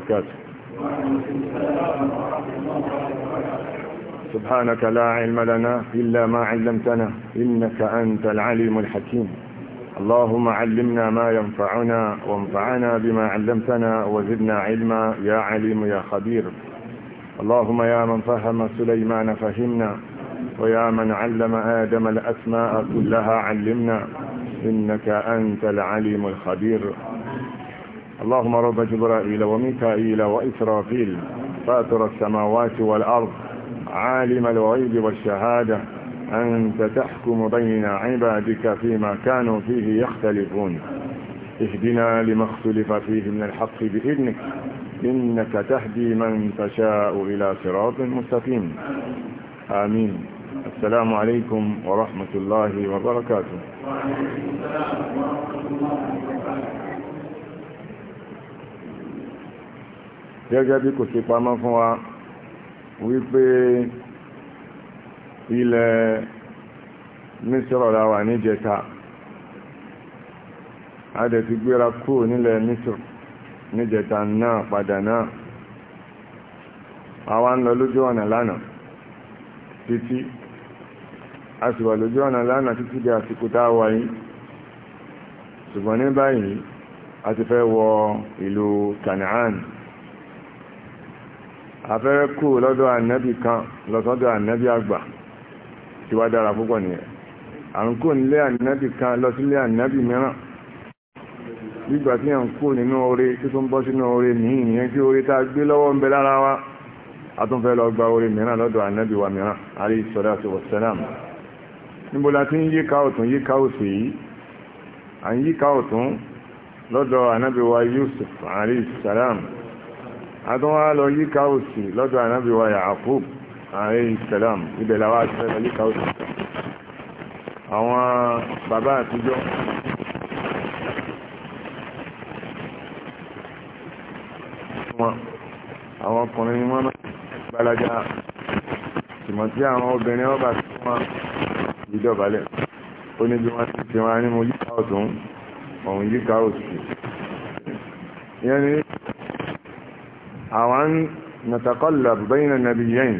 وبركاته سبحانك لا علم لنا إلا ما علمتنا إنك أنت العليم الحكيم اللهم علمنا ما ينفعنا وانفعنا بما علمتنا وزدنا علما يا عليم يا خبير اللهم يا من فهم سليمان فهمنا ويا من علم آدم الأسماء كلها علمنا إنك أنت العليم الخبير اللهم رب جبرائيل وميكائيل وإسرافيل فاتر السماوات والأرض عالم الغيب والشهادة أنت تحكم بين عبادك فيما كانوا فيه يختلفون اهدنا لما اختلف فيه من الحق بإذنك إنك تهدي من تشاء إلى صراط مستقيم آمين السلام عليكم ورحمة الله وبركاته gẹ́gẹ́ bí kò ṣe pamọ́ fún wa wípé ilẹ̀ mísírọ̀ la wà ní jẹta a dẹ̀ ti gbéra kúrò nílẹ̀ mísírọ̀ ní jẹta náà padà náà àwa ń lọ lójú ọ̀nà lánàá títí a sì wà lójú ọ̀nà lánàá títí di àsìkò tá wà yìí ṣùgbọ́n ní báyìí a ti fẹ́ wọ ìlú Kanaan afẹ́rẹ́ kú lọ́dọ̀ ànábì kan lọ́sọ́dọ̀ ànábì àgbà tí wá dára púpọ̀ nìyẹn à ń kú nílé ànábì kan lọ sílé ànábì mìíràn nígbà tí à ń kú nínú oore tí tó ń bọ́ sínú oore míì nìyẹn kí oore tá a gbé lọ́wọ́ ń bẹ lára wa a lọ gba oore mìíràn lọ́dọ̀ ànábì wa mìíràn alayhi salatu wassalam níbo salam àtúnwá lọ yíká òsì lọ́dọ̀ ànábì wa Yaqub alayhi salam ibẹ̀ làwọn àṣẹ lọ yíká òsì àwọn bàbá àtijọ́ àwọn ọkùnrin ni wọ́n máa gbalaja ìmọ̀ tí àwọn obìnrin ọba tí wọ́n ìdọ̀bálẹ̀ ó ní bí wọ́n ti fi wọn ní mo yíká ọ̀tún ọ̀hún yíká òsì ìyẹn ni àwọn ń nàtàkọ́lá bẹ́yìn nàbí yẹn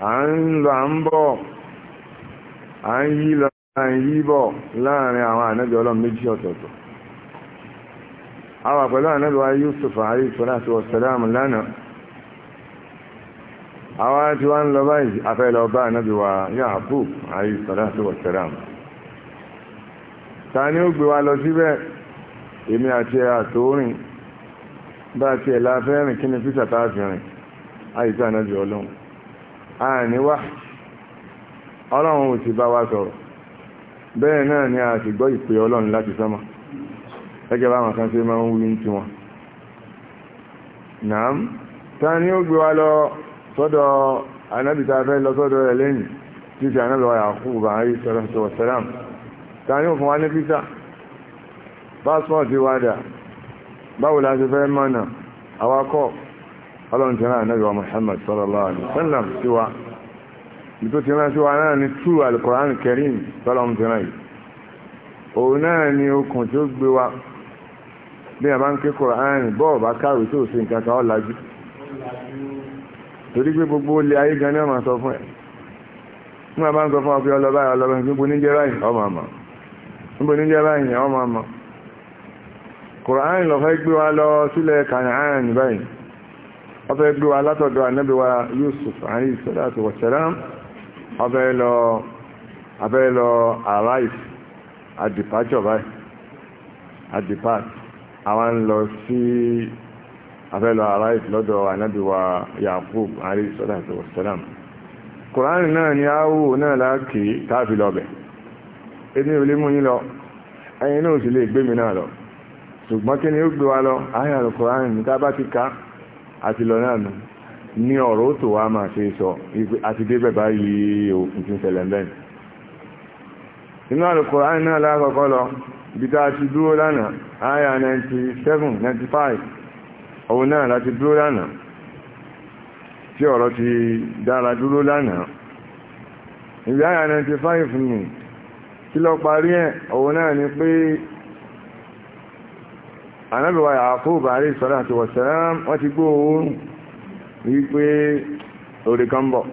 à ń lọ à ń bọ̀ à ń yí lọ à ń yí bọ̀ láàrin àwọn ànábì ọlọ́run méjì ọ̀tọ̀ọ̀tọ̀ àwọn pẹ̀lú ànábì wa Yusuf alayhi salatu wa salam tí wọ́n ń bá ti ẹ̀lá fẹ́rìn kí ni fíṣà tá a fi rìn àìsí ànábì ọlọ́run ọlọ́run ò sì bá wa sọ̀rọ̀ bẹ́ẹ̀ náà ni a ti gbọ́ ìpè ọlọ́run láti sánmà gẹ́gẹ́ bá wọn kan máa ń wí wọn ta ni ó gbé wa lọ sọ́dọ̀ ànábì tá lọsọdọ fẹ́ lọ sọ́dọ̀ wa bá sọ́dọ̀ sọ́dọ̀ báwo la ṣe fẹ́ mọ́nà awakọ̀ ọlọ́ntẹ́rà ànábì Muhammad sallallahu alaihi wasallam sí wa ní tó ti rán sí wa náà ni tú al-Qur'an Karim tọ́lọ́ntẹ́rà yìí òun náà ni okùn tí ó gbé wa bí a bá ń ké Kùránì bọ́ọ̀ bá káwé tó ṣe nǹkan kan ọ̀làjú torí pé gbogbo olè ayé gan ni wọ́n sọ fún ẹ̀ nígbà bá ń sọ fún ọ pé ọlọ́ba ọlọ́ba níbo níjẹ́ báyìí ọmọ ọmọ Kùránì lọ fẹ́ gbé wa lọ sílẹ̀ Kànáàn báyìí wọ́n fẹ́ gbé wa látọ̀dọ̀ ànábì wa Yusuf alayhi salatu wa salam abẹ́ lọ arrive at departure báyìí at depart àwọn lọ sí abẹ́ lọ arrive lọ́dọ̀ ànábì Yaqub alayhi salatu wa salam Kùránì náà ni áwò náà láàkì táàfi lọ bẹ̀ ẹni ò lè mú yín lọ ẹ̀yin náà sì lè gbé mi náà lọ ṣùgbọ́n kí ni ó gbé wa lọ ayé Al-Kùránì níta bá ti ká àti lọ náà nù ní ọ̀rọ̀ ó tó wá máa ṣe sọ àti débẹ̀ báyìí òkun tí ń ṣẹlẹ̀ bẹ́ẹ̀ inú Al-Kùránì náà lákọ̀ọ́kọ́ lọ bí tá a ti dúró lánàá ayé 97 95 òun náà láti dúró lánàá tí ọ̀rọ̀ ti dára dúró lánàá ìgbé ayé 95 nù kí lọ parí ẹ̀ òun náà ni pé anábíwá Yàkúbù alayhi salatu wa salam wọ́n ti gbọ́ oòrùn wípé orí kan bọ̀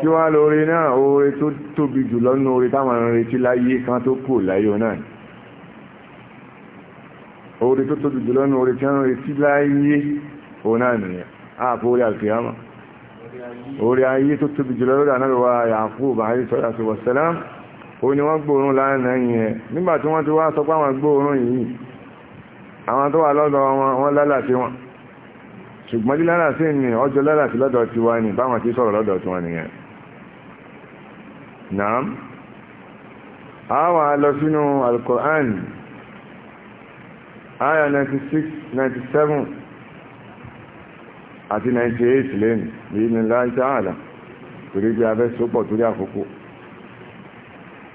tí wá lórí náà oore tó tóbi jù lọ́nà oore táwọn arìnrìn retí láyé kan tó kù láyé náà oore tó tóbi jù lọ́nà oore tí wọ́n retí láyé òun náà nìyẹn àpò orí àkìyàmọ́ orí ayé tó tóbi jùlọ lọ́dọ̀ anábẹ̀wà Yaqub alayhi salatu wa salam ó ní wọ́n gbóòórùn lánàá yẹn nígbà tí wọ́n ti wá sọ pé àwọn yìí àwọn tó wà lọ́dọ̀ wọn wọ́n lálàsí wọn ṣùgbọ́n lílálàsí ni ọjọ́ lálàsí lọ́dọ̀ ti wá ní báwọn ti sọ̀rọ̀ lọ́dọ̀ tí wọ́n nìyẹn naam àwọn alọ sínú alkọ̀án aya 96 97 àti 98 lẹ́nu èyí ni láìsí ààlà torí bí abẹ́ sópọ̀ torí àkókò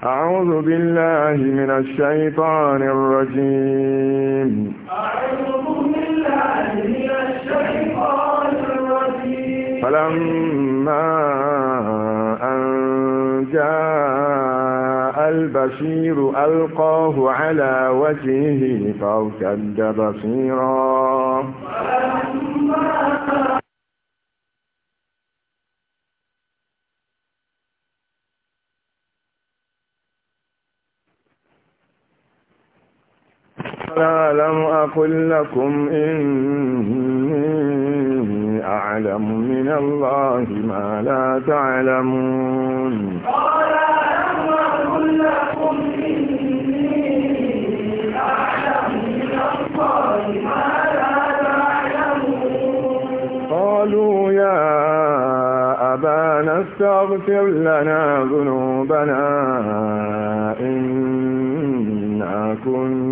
أعوذ بالله من الشيطان الرجيم أعوذ بالله من الشيطان الرجيم فلما أن جاء البشير ألقاه على وجهه فارتد بصيراً ألم أقل لكم إني أعلم من الله ما لا تعلمون قال ألم أقل لكم إني أعلم من الله ما لا تعلمون قالوا يا أبانا استغفر لنا ذنوبنا إنا كنا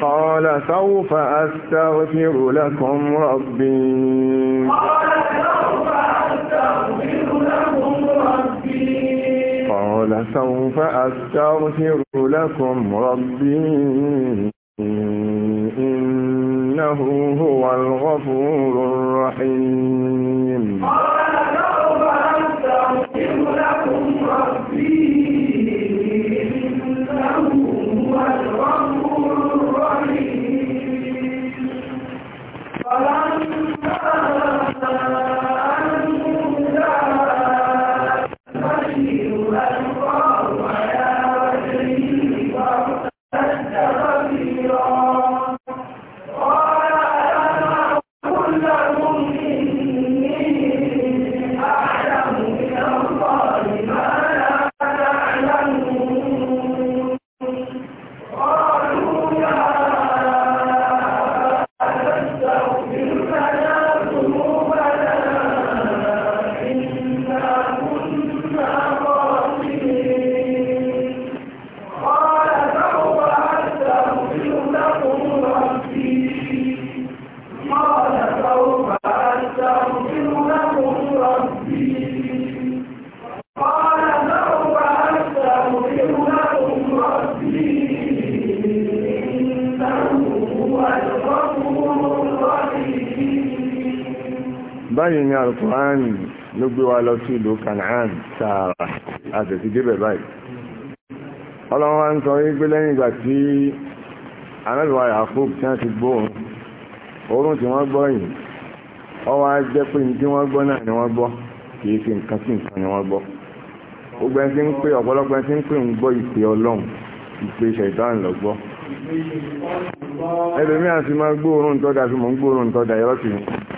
قال سوف أستغفر لكم ربي قال سوف أستغفر لكم ربي قال سوف أستغفر لكم ربي إنه هو الغفور الرحيم قال سوف أستغفر لكم báyìí ni alukuran ló gbé wa lọ sí ìlú Kanaan tààrà àtẹ̀sí débẹ̀ báyìí ọlọ́run ń sọ wípé lẹ́yìn ìgbà tí anábìwá Yakub tí ti oorun tí wọ́n gbọ́ yìí ọwọ́ á pé ní tí wọ́n gbọ́ náà ni wọ́n gbọ́ Kìí nǹkan sí ni wọ́n gbọ́ ń pè ọ̀pọ̀lọpọ̀ ń pè ń gbọ́ ìpè ọlọ́run ìpè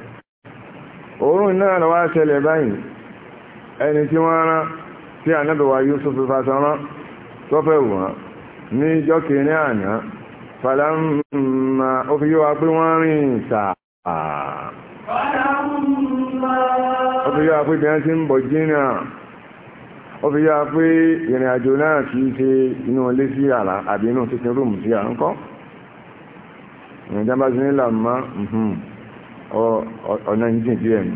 òórùn náà lọ wá ṣẹlẹ̀ báyìí ẹni tí wọ́n rán tí ànábẹ̀wà Yusuf fásánrán tó fẹ́ wọ́n ní ìjọ́ kìíní àná fàlámà ó fi yíwa pé wọ́n rìn sàá ó fi yíwa pé bẹ́ẹ̀ sí ń bọ̀ jìnnà ó fi yíwa pé ìrìn àjò náà kìí ṣe inú ilé sí àrà àbí inú títí rúùmù sí àrùn kọ́ ìrìn jábá sí nílà mọ́ mhm ọ̀nà ìjìn díẹ̀ ni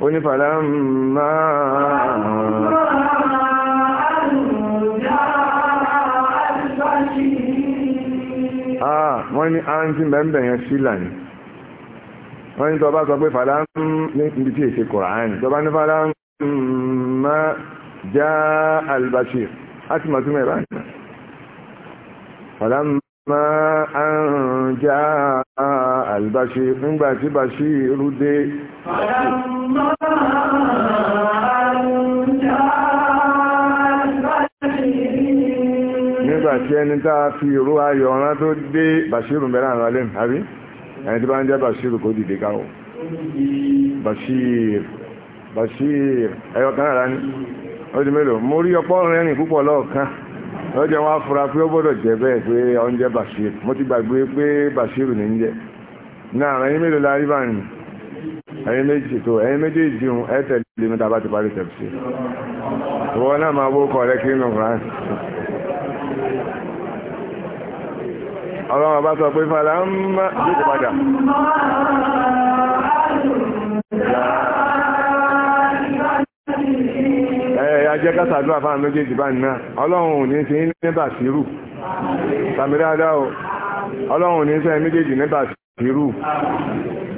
ó ní fàlá máa ah, wọ́n ní àǹtí bẹ̀m̀bẹ̀ yẹn sílà ni wọ́n ní tọba sọ pé fàlá ní ibi tí èsì Kùránì tọba ní fàlá máa já al á ti mọ̀ sí mẹ́rin fàlá máa ma an já albashi nígbà tí bashi rúdé nígbà tí ẹni tá a fi ìró ayọ̀ ọ̀rán tó dé bashiru mẹ́rin àwọn alẹ́ àbí ẹni tí bá ń jẹ́ bashiru kó dìde káwọ̀ bashir bashir ẹyọ kan rà ní ó di mélòó mo rí ọ̀pọ̀ rẹ́rìn púpọ̀ lọ́ọ̀kan lọ́jọ́ wọn afura pé ó gbọ́dọ̀ jẹ́ bẹ́ẹ̀ pé oúnjẹ bashir mo ti gbàgbé pé bashir ní ń jẹ náà ẹ̀yin mélòó la rí báyìí ẹ̀yin méjì tó ẹ̀yin méjèèjì ń ẹ tẹ̀lé mi tàbá ti parí tẹ̀sí ìwọ náà máa wó kọ rẹ kiri nìkan ọlọ́run ọba sọ pé fàlà ń má yóò padà. jẹ́ kásàdúrà fáwọn méjèèjì bá nínú ọlọ́run ò ní ṣe ní nígbà sírù sàmì dáadáa o ọlọ́run ò ní ṣe méjèèjì nígbà sírù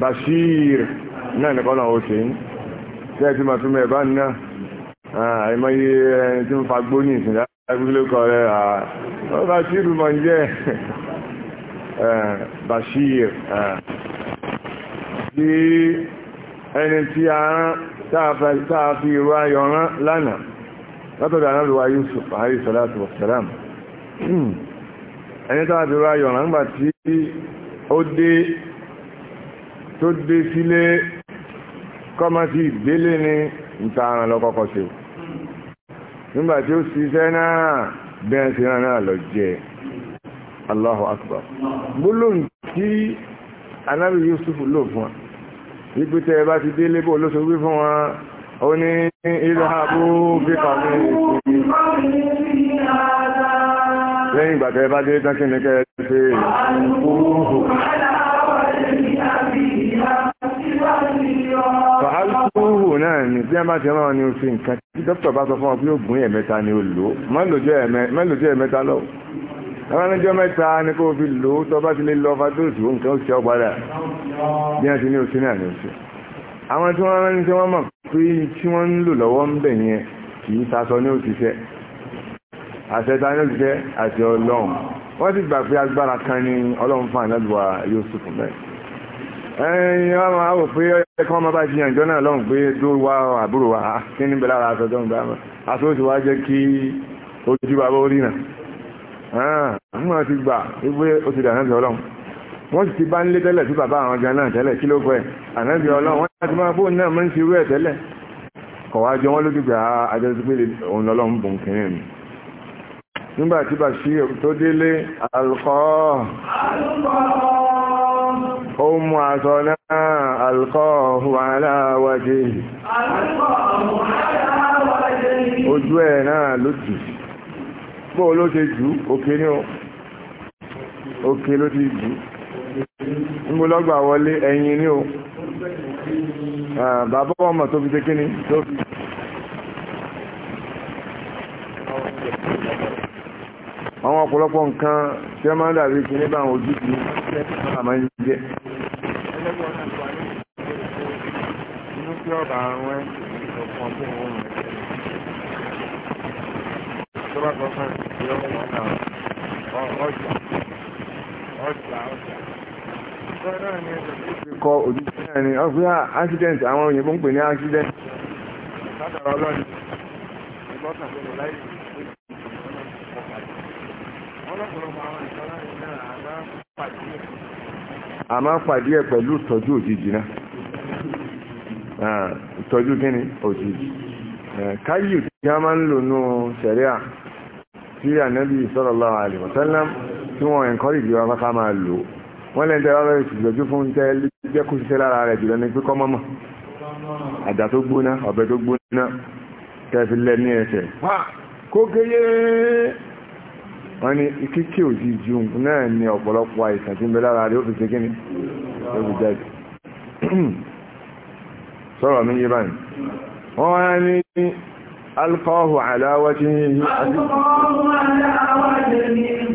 bashir náà ní kọ́nà ó ṣe ń tí ẹ ti máa fi mẹ́ẹ̀ bá nínú àìmọye ẹni tí ń fa gbóyìn ìsìn lágbílẹ́kọ̀ rẹ̀ bashir mọ̀ ń jẹ́ bashir tí ẹni tí a rán táàfi ìrọ̀ ayọ̀ rán lánàá látọ̀dọ̀ anábìwá Yusuf hari salatu wa salam ẹni tó àti rọ ayọ̀ràn nígbà tí ó dé tó dé sílé kọ́mọ́ sí ìgbélé ní ìtaàràn lọ́kọ́kọ́ sí nígbà tí ó ṣiṣẹ́ náà bẹ́ẹ̀ sí náà lọ jẹ́ Allahu akbar gbólóhùn tí anábì Yusuf lò fún wa wípé tẹ́ ẹ bá ti délé bó ló fún wa ó ní ìlàbú bíkọ̀ ní ìsinmi lẹ́yìn ìgbàtẹ̀ bá dé tánkì náà ni bí a bá ti rán ni ó fi nǹkan tí dókítà bá sọ fún ọ pé ó gún ẹ̀mẹ́ta ni ó lò mọ́lòjọ́ ẹ̀mẹ́ta lọ. Ẹwọ́nìjọ́ mẹ́ta ni kó fi lò ó tọ́ bá ti lè lọ fàdóòsì ó nǹkan ó ṣe ọgbàdà bí a ti ní òsínà ni ó àwọn tí wọ́n rán tí wọ́n mọ̀ pé tí wọ́n ń lò lọ́wọ́ ń bẹ̀ yẹn kì í sasọ ní òṣìṣẹ́ àṣẹta ní òṣìṣẹ́ àti ọlọ́run wọ́n ti gbà pé agbára kan ní ọlọ́run fún àdádùwà Yusuf mẹ́ ẹ̀yìn wọn máa wò pé ẹ̀kọ́ wọn bá ti yànjọ́ náà lọ́run pé tó wá àbúrò wa ah, kí ní bẹ̀rẹ̀ ara aṣọ tó ń bá wọn aṣọ òṣì wá jẹ́ kí ojú bàbá orí náà àwọn ti gbà wípé ó ti dà náà wọ́n sì ti bá ń lé tẹ́lẹ̀ sí bàbá àwọn gan náà tẹ́lẹ̀ kí ló fẹ́ ànábì ọlọ́run wọ́n láti máa bóun náà máa ń ṣerú ẹ̀ tẹ́lẹ̀ kọ̀wá jọ wọ́n lójú gbà àjọsí ah, pé òun lọ́lọ́run bùn kìnrin mi nígbà tí Bashir tó délé alkọ́ ó mú aṣọ náà alkọ́ wà ló ṣe jù òkè ní òkè ló ti jù ńgbọ́lọ́gbà wọlé ẹ̀yìn ní o bàbá ọmọ tó fi tẹ́kíní tó fi àwọn ọ̀pọ̀lọpọ̀ nǹkan tí ó máa ń dàbí kí ní bá àwọn ojú kí àmà ń jẹ́ Thank you. kọ òjíṣẹ́ ẹni ọgbẹ́ accident àwọn òyìnbó ń pè ní accident látara ọlọ́ni a máa pàdé ẹ̀ pẹ̀lú ìtọ́jú òjijì náà ìtọ́jú kíni òjijì káyù tí a máa ń lò ní sẹ̀ríà tí ànábì sallallahu alaihi wasallam tí wọ́n encourage wa ká máa lò ó wọ́n lẹ́yìn tẹ́lá lọ́rọ̀ ìṣùgbọ́jú fún tẹ́ jẹ́ kó ṣiṣẹ́ lára rẹ̀ jùlọ ní pípọ́ mọ́mọ́ àdá tó gbóná ọ̀bẹ tó gbóná tẹ́fi lẹ́ ní ẹsẹ̀ kó kéyé wọ́n ni kíkí ò ju náà ni ọ̀pọ̀lọpọ̀ àìsàn tí ń bẹ lára rẹ̀ ó fi ṣe kíni ó fi jáde sọ̀rọ̀ mi yé báyìí wọ́n wá ní alkọ́hù aláwọ̀ tí yìí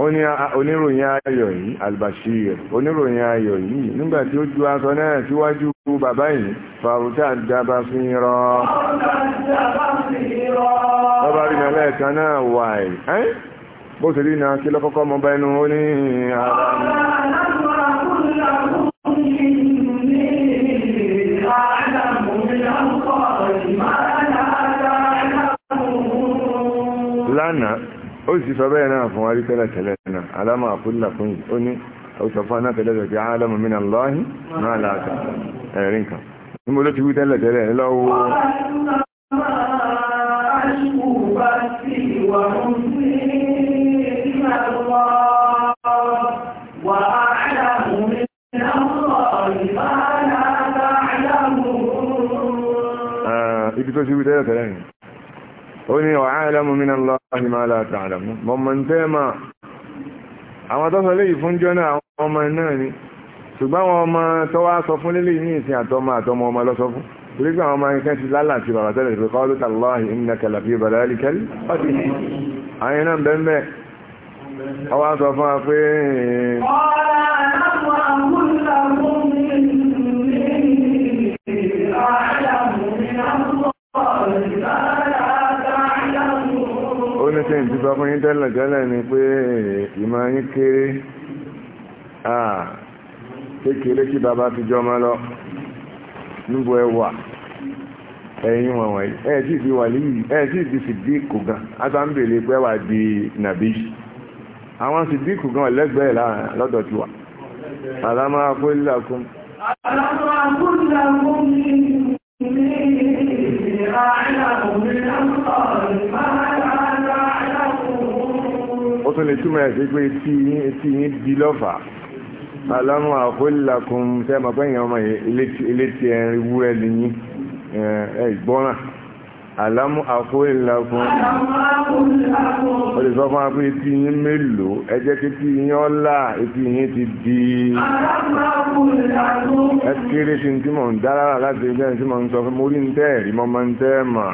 oníròyìn ayọ̀ yìí albashir oníròyìn ayọ̀ yìí nígbàtí ó ju aṣọ náà síwájú bàbá yìí fàrútà dábà fi rán ọba rí nàlẹ́ ẹ̀ta náà wà ẹ̀ bó ṣe rí na kí lọ́kọ́kọ́ mọ́ bá ẹnu ó ní àwọn حزف بيننا فوالدنا كلنا على ما قلنا أني أو صفانك الذي في عالم من الله ما لا تعلم يا رينكا ثم لا تقول تلا تلا لا هو Ah, ibi to si wi tele tele ni. ó ní wa a'lamu minallahi ma la ta'lamun mọ̀mọ̀ ń tẹ́ máa àwọn tó sọ léyìí fún jọ́nà àwọn ọmọ náà ni ṣùgbọ́n àwọn ọmọ tó wá sọ fún lélẹ̀ ní ìsìn àtọmọ àtọmọ ọmọ lọ sọ fún torí pé àwọn ọmọ akẹ́kẹ́ ti lálà sí bàbá tẹ́lẹ̀ pé kọ́ lóta lọ́hìn iná kẹlàbí ìbàdàlì kẹ́lì ọdí àwọn iná bẹ́ẹ̀ ọwá sọ fún wa pé ọ̀rọ̀ ṣe ń ti sọ fún yín tẹ́lẹ̀ tẹ́lẹ̀ ni pé ìmọ̀ yín kéré kékeré kí bàbá fi jọ ọmọ lọ níbo ẹ wà ẹ̀yin wọn wọ̀nyí ẹ̀ sì fi wà líyìí ẹ̀ sì fi sìdíìkù gan asámbèlè pé wà di nàbí àwọn sìdíìkù gan lẹ́gbẹ̀ẹ́ lọ́dọ̀ tiwa àlámà akólélàkún. àlámà akólélàkún ní ìlú ní ìlú àìlàkùn ní ọ̀sán ìmáà ó tún lè túmọ̀ ẹ̀ sí pé tí yín di lọ́fà alámù àkólìlàkùn tẹ́ mọ̀ ọmọ ilé ti ẹ̀rin wúrẹ́ nìyí ẹ̀ àlámú àkóyìnlá fún olùsọ fún apé tí yín mélòó ẹjẹ́ kí tí yín ọlá etí yín ti di ẹkéré tí tí mọ̀ ń dára láti ẹjẹ́ tí mọ̀ ń sọ fún mórí ń tẹ́ ẹ̀rí mọ́ máa ń tẹ́ mà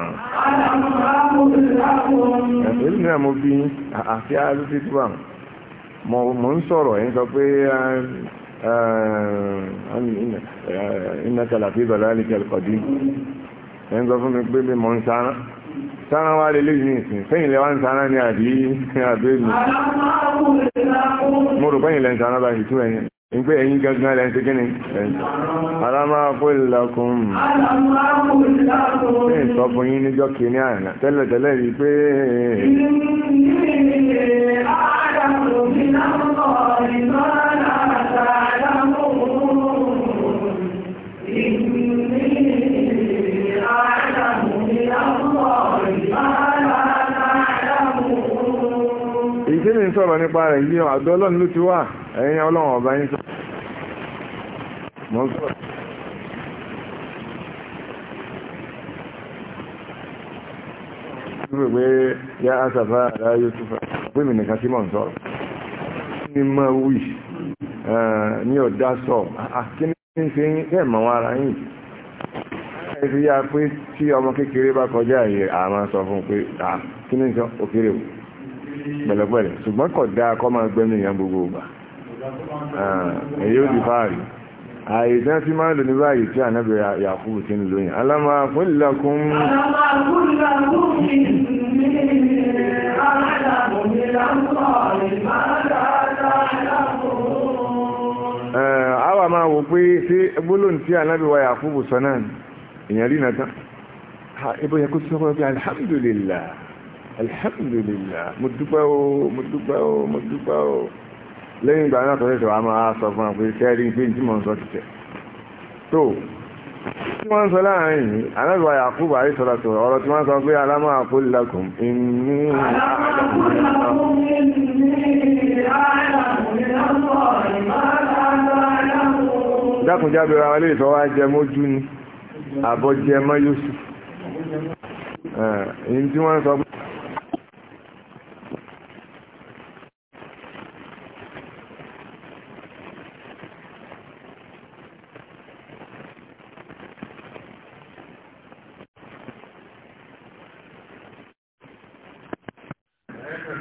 èyí náà mo bí àti àlùfí tí wà mọ̀ ń sọ̀rọ̀ ẹ̀yìn sọ pé ìnàkàlà ẹ̀ ń sọ fún mi pé bí mo ń sáná sáná wá lè léyìn ìsìn sẹ́yìn lẹ́wà ń sáná ní àbí àbí mi mo rò pẹ́yìn lẹ́ ń sáná báyìí tú ẹ̀yìn ń pé ẹ̀yìn gangan lẹ́ ń kíni alámáàpọ̀lẹ́lákùn ń sọ̀rọ̀ nípa rẹ̀ yí àdọ́ ọlọ́run ló ti wà ẹ̀yìn ọlọ́run ọba yín sọ mọ́ sọ̀rọ̀ wípé pé yá àṣàfà àrá yóò tún fà pé mi nìkan sí mọ̀ ń sọ̀rọ̀ ní mọ́ wì ní ọ̀dá sọ ah, kíní ṣe ń tẹ̀ mọ́ wọn ara yìí ẹ fi yá pé tí ọmọ kékeré bá kọjá yìí àmọ́ sọ fún pé ah, kíní sọ òkèrè wò pẹ̀lẹ́pẹ̀lẹ́ ṣùgbọ́n kọ̀ dáa kọ́ máa gbẹ́nu èèyàn gbogbo ìgbà èyí ó di fáàrí àìsàn tí máa lò ní báyìí tí ànábì Yakubu ti ń lò yìn alámà fúnlẹ̀kùn àwa máa wò pé tí gbólóhùn tí ànábì wa Yakubu sọ náà ìyẹn rí nàtán ibò yẹ kó tí wọ́n pẹ́ alhamdulillah alhamdulillah mo dúpẹ́ o mo dúpẹ́ o mo dúpẹ́ o lẹ́yìn ìgbà náà tọ́lẹ̀ tọ́wà máa sọ fún àpò iṣẹ́ rí pé tí mò ń sọ ti tẹ̀ tó tí wọ́n ń sọ láàrin yìí anábìwá Yakubu àrí sọ̀rọ̀ tó ọ̀rọ̀ tí wọ́n sọ pé alámọ̀ àkólélakùn inú dákùnjábẹ̀ ra wọlé ìtọ́wà jẹ mójú ni àbọ̀jẹ mọ́ Yusuf èyí tí wọ́n sọ pé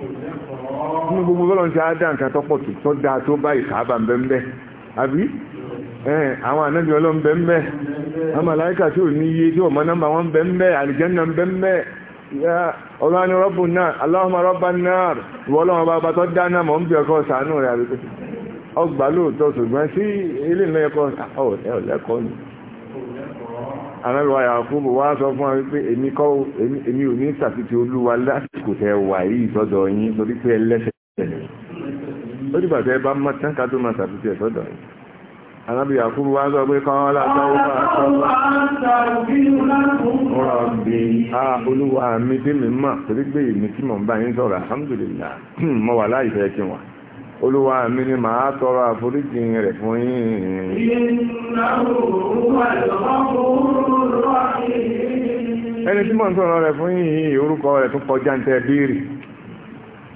ní gbogbo bọ́lọ̀ ti ádá nǹkan tọ́pọ̀ tó dáa tó bá ìkàábà mbẹ́mbẹ́ àbí àwọn ànábì ọlọ́run mbẹ́mbẹ́ amàláìkà tí ò ní iye tí ọmọ nọ́mbà wọn mbẹ́mbẹ́ àlìjẹ́nà mbẹ́mbẹ́ ọlọ́run rọ́bù náà aláwọ̀mọ̀ rọ́bà náà ìwọ́lọ́run bá tó dá náà mọ̀ ń bí ọkọ̀ sàánú rẹ̀ àbíkọ́ ọgbà lóòótọ́ ṣùgbọ́n sí ilé ìlẹ́ẹ̀kọ́ anábìwá yakubu wá sọ fún wa wípé èmi kọ́ èmi ò ní sàfitì olúwa lásìkò tẹ wà yìí sọ́dọ̀ yín torí pé ẹlẹ́sẹ̀ ó dìgbà tẹ bá mọ́ tán ká tó máa sàfitì ẹ̀ sọ́dọ̀ yín anábì Yakubu wá sọ pé kan látọwọ́ àtọwọ́ ọ̀rọ̀bì a olúwa mi dé mi mọ̀ torí pé èmi tí mò ń bá yín sọ̀rọ̀ alhamdulillah mọ́ wà láìfẹ́ kí wọ́n olúwa mi ni màá tọrọ àforíjì rẹ̀ fún yín ẹni tí mọ̀ ń tọrọ rẹ̀ fún yín orúkọ rẹ̀ tún kọjá ń tẹ́ bíìrì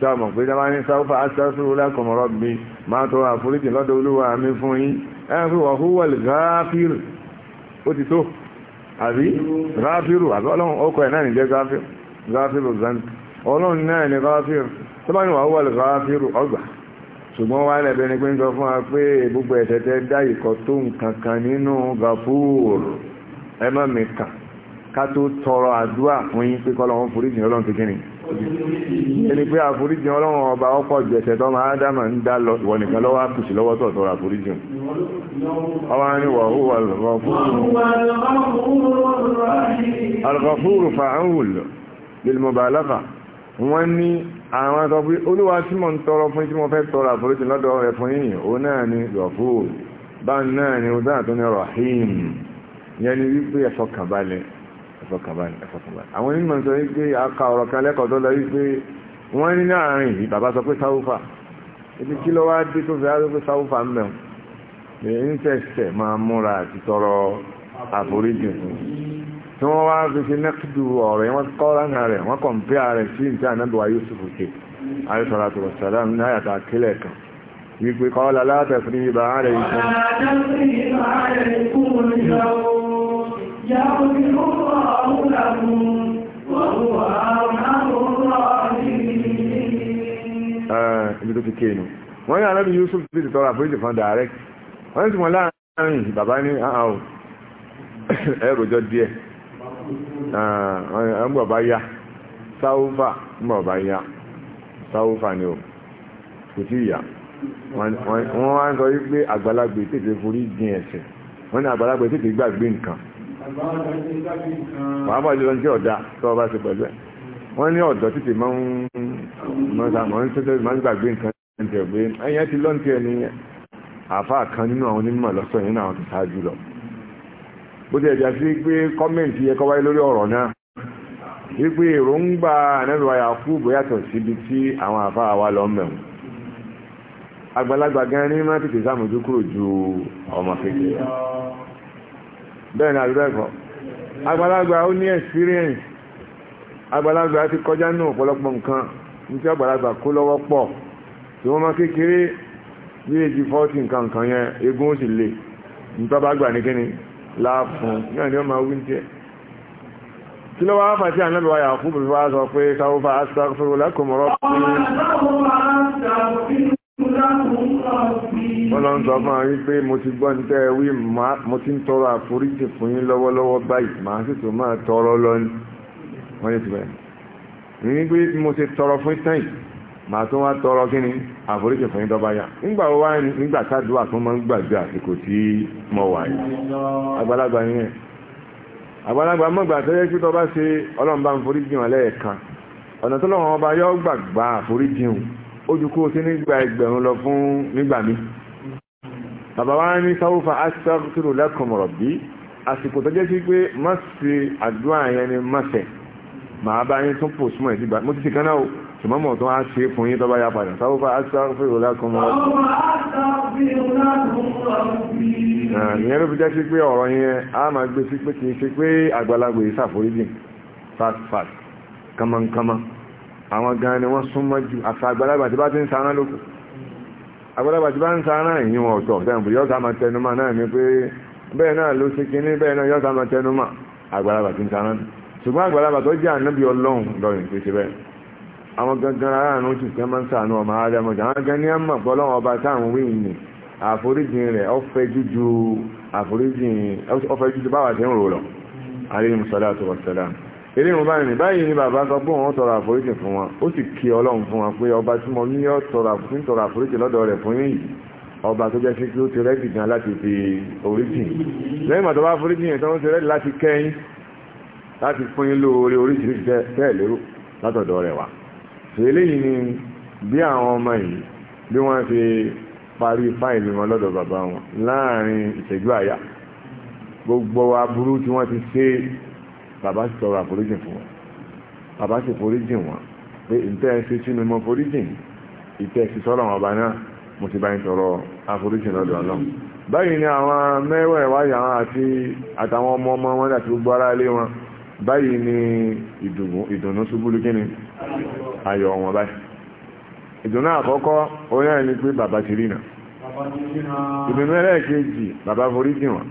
sọ́mọ̀ pé dáwà ní sáwọ́fà astaghfiru lakum rabbi máa tọrọ àforíjì lọ́dọ̀ olúwa mi fún yín ẹni fi wa huwa al-ghafir ó ti tó àbí gáfírù àbí ọlọ́run ọkọ̀ ẹ̀ náà ní jẹ́ gáfírù gáfírù zanti ọlọ́run huwa al-ghafir ṣùgbọ́n wà lẹ́bẹ̀ ni pé ń sọ fún wa pé gbogbo ẹ̀ṣẹ̀ dá ìkọ̀ tó nǹkan kan nínú gafúr ẹ má mìkan ká tó tọrọ àdúrà fún yín pé kọ́lọ́wọ́n foríjìn ọlọ́run ti kíni ẹni pé àforíjìn ọlọ́run ọba ọkọ̀ jẹ̀ṣẹ̀ tó máa dámà ń dá lọ nìkan lọ́wọ́ àkùsì lọ́wọ́ tó tọrọ àforíjìn ọwá ní wàhúwà àwọn ẹ̀kọ́ pé olúwa tí mo ń tọrọ fún tí mo fẹ́ tọrọ àforíjì lọ́dọ̀ rẹ̀ fún yìnyín òun náà ni Ghafur báun náà ni ọdún àtúnni Rahim yẹn ni wípé ẹ̀fọ́ kàbálẹ̀ ẹ̀fọ́ kàbálẹ̀ ẹ̀fọ́ kàbálẹ̀ àwọn onímọ̀ sọ wípé aka ọ̀rọ̀ kan lẹ́kọ̀ọ́ tó lọ wípé wọ́n ní láàrin yìí bàbá sọ pé sáwùfà ibi kí ló wá dé tó fi á sọ pé sáwùfà ń bẹ̀rù lè tí wọ́n wá fi ṣe nẹ́kìdù ọ̀rọ̀ yẹn wọ́n kọ́ lánàá rẹ̀ wọ́n kọ̀ ń pẹ́ ààrẹ sí ìtí ànábìwá Yusuf ṣe àìsàràtò sàdá ní àyàtà kílẹ̀ kan wípé kọ́ lálá tẹ̀sí ibà ààrẹ ìṣẹ́ wọ́n ní ànábì Yusuf ti ti tọrọ àforíjì fún direct wọ́n ti mọ̀ láàárín bàbá ní àhàn ah, ah, ẹ̀rọjọ́ díẹ̀ Ah, eh, ńgbọ̀ bá yá sáúfà ńgbọ̀ bá yá sáúfà ni o kò tí ìyá wọ́n wá ń sọ wípé àgbàlagbè tètè forí jìn ẹ̀ṣẹ̀ wọ́n ní àgbàlagbè tètè gbàgbé nǹkan pàápàá jùlọ ní ọ̀dà tó ọba ṣe pẹ̀lú ẹ̀ wọ́n ní ọ̀dọ́ tètè máa ń gbàgbé nǹkan ẹ̀yẹn ti lọ́ntì ẹni àfáà kan nínú àwọn onímọ̀ lọ́sọ̀ yẹn náà ti ṣáájú lọ bó ti ẹ̀já sí pé kọ́mẹ̀ntì yẹ kó wáyé lórí ọ̀rọ̀ náà wípé èròǹgbà anẹ́lùwà Yakubu yàtọ̀ síbi tí àwọn àfáà wa lọ mẹ̀wọ̀n àgbàlagbà gan ní má tètè sàmójú kúrò ju ọmọ kékeré bẹ́ẹ̀ ni àdúrà ẹ̀kọ́ àgbàlagbà ó ní experience àgbàlagbà ti kọjá ní ọ̀pọ̀lọpọ̀ nǹkan ní tí àgbàlagbà kó lọ́wọ́ pọ̀ tí wọ́n má kékeré bí èjì 40 nǹkan nǹkan yẹn egun ó sì le nípa bá gbà ní kíni láàfún náà ni ó máa wí ní tiẹ̀ kí ló wá fàtí ànábì wáyà fún bí wá sọ pé káwọ́fà astaghfiru lakum rabbi ọlọ́run sọ fún àrí pé mo ti gbọ́ ní tẹ́ wí mo ti ń tọrọ àforíjì fún yín lọ́wọ́lọ́wọ́ báyìí máa sì tó máa tọrọ lọ ní wọ́n ní ti bẹ̀rẹ̀ ní màá tó wá tọrọ kí ni àforíjì fún yín dọ́báyà nígbà wo wá ní nígbà tádùá tó máa ń gbàgbé àsìkò tí mo wà yìí àgbàlagbà yẹn àgbàlagbà mọ́gbà tó yẹ kí tó bá ṣe ọlọ́run bá ń foríjì wọn lẹ́ẹ̀kan ọ̀nà tó lọ́wọ́ ọba yọ gbàgbà àforíjì wọn ó ju kó sí nígbà ẹgbẹ̀rún lọ fún nígbà mi bàbá wa ní sáwùfà astaghfiru rabbi àsìkò tó jẹ́ sí pé má ṣe àdúrà yẹn ni má ṣe màá bá yín tún pò súnmọ́ ìdígbà mo ti ṣùgbọ́n mọ̀ tó wá ṣe fún yín tọ́bá ya padà sáwọ́fà astaghfiru lakum ìyẹn ló fi jẹ́ sí pé ọ̀rọ̀ yẹn a máa gbé sí pé kìí ṣe pé àgbàlagbà yìí ṣàforíjì fast fast kànmọ́nkànmọ́ àwọn gan ni wọ́n súnmọ́ ju àti àgbàlagbà tí bá ti ń sáná lókù àgbàlagbà tí bá ń sáná ìyìn wọn ọ̀tọ̀ tẹ́ǹpù yọ́ta máa tẹnumọ́ náà ni pé bẹ́ẹ̀ náà ló ṣe kinní bẹ́ẹ̀ náà yọ́ta máa tẹnumọ́ àgbàlagbà tí ń sáná ṣùgbọ́n àgbàlagbà tó jẹ́ ànábì ọlọ́run lọ́rin kìí ṣe bẹ́ẹ̀ àwọn gangan aráàánú sì kí wọ́n máa ń sàánú ọmọ ádámọ̀ jù àwọn gan ní ọmọ pọ́lọ́wọ́ ọba táwọn wí ní àforíjì rẹ̀ ọfẹ́ jújú àforíjì ọfẹ́ jújú báwà tí ń rò lọ alayhi salatu wassalam eré wọn báyìí báyìí ni bàbá sọ pé òun tọrọ àforíjì fún wọn ó sì kí ọlọ́run fún wọn pé ọba tí mo ní tọrọ àforíjì lọ́dọ̀ rẹ̀ fún yìí ọba tó jẹ́ ti rẹ́dì gan láti fi oríjì lẹ́yìn màtọ́ bá foríjì yẹn tán ó ti rẹ́dì láti kẹ́yìn láti fún yín lóore oríṣiríṣi tẹ́ẹ̀ lérò látọ̀dọ̀ rẹ̀ wá eléyìí ni bí àwọn ọmọ yìí bí wọ́n fi parí fáìlì wọn lọ́dọ̀ bàbá wọn láàrin ìṣẹ́jú àyà gbogbo aburú tí wọ́n ti ṣe bàbá sì tọrọ àforíjì fún wọn bàbá sì foríjì wọn pé ìtẹ́ ẹ ṣe sínú mọ́ foríjì ìtẹ́ ẹ ṣe sọ́rọ̀ wọn ọba náà mo ti bá ń tọrọ àforíjì lọ́dọ̀ ọlọ́run báyìí ni àwọn mẹ́wẹ̀ẹ́ wáyà wọn àti àtàwọn ọmọ ọmọ wọn àti gbogbo ará ilé wọn báyìí ni ìdùnnú ṣubú lukíni ayọ̀ wọn báyìí ìdùnnú àkọ́kọ́ oní ẹni pé bàbá ti rìnà ìdùnnú ẹlẹ́ẹ̀kejì bàbá forí jì wọ́n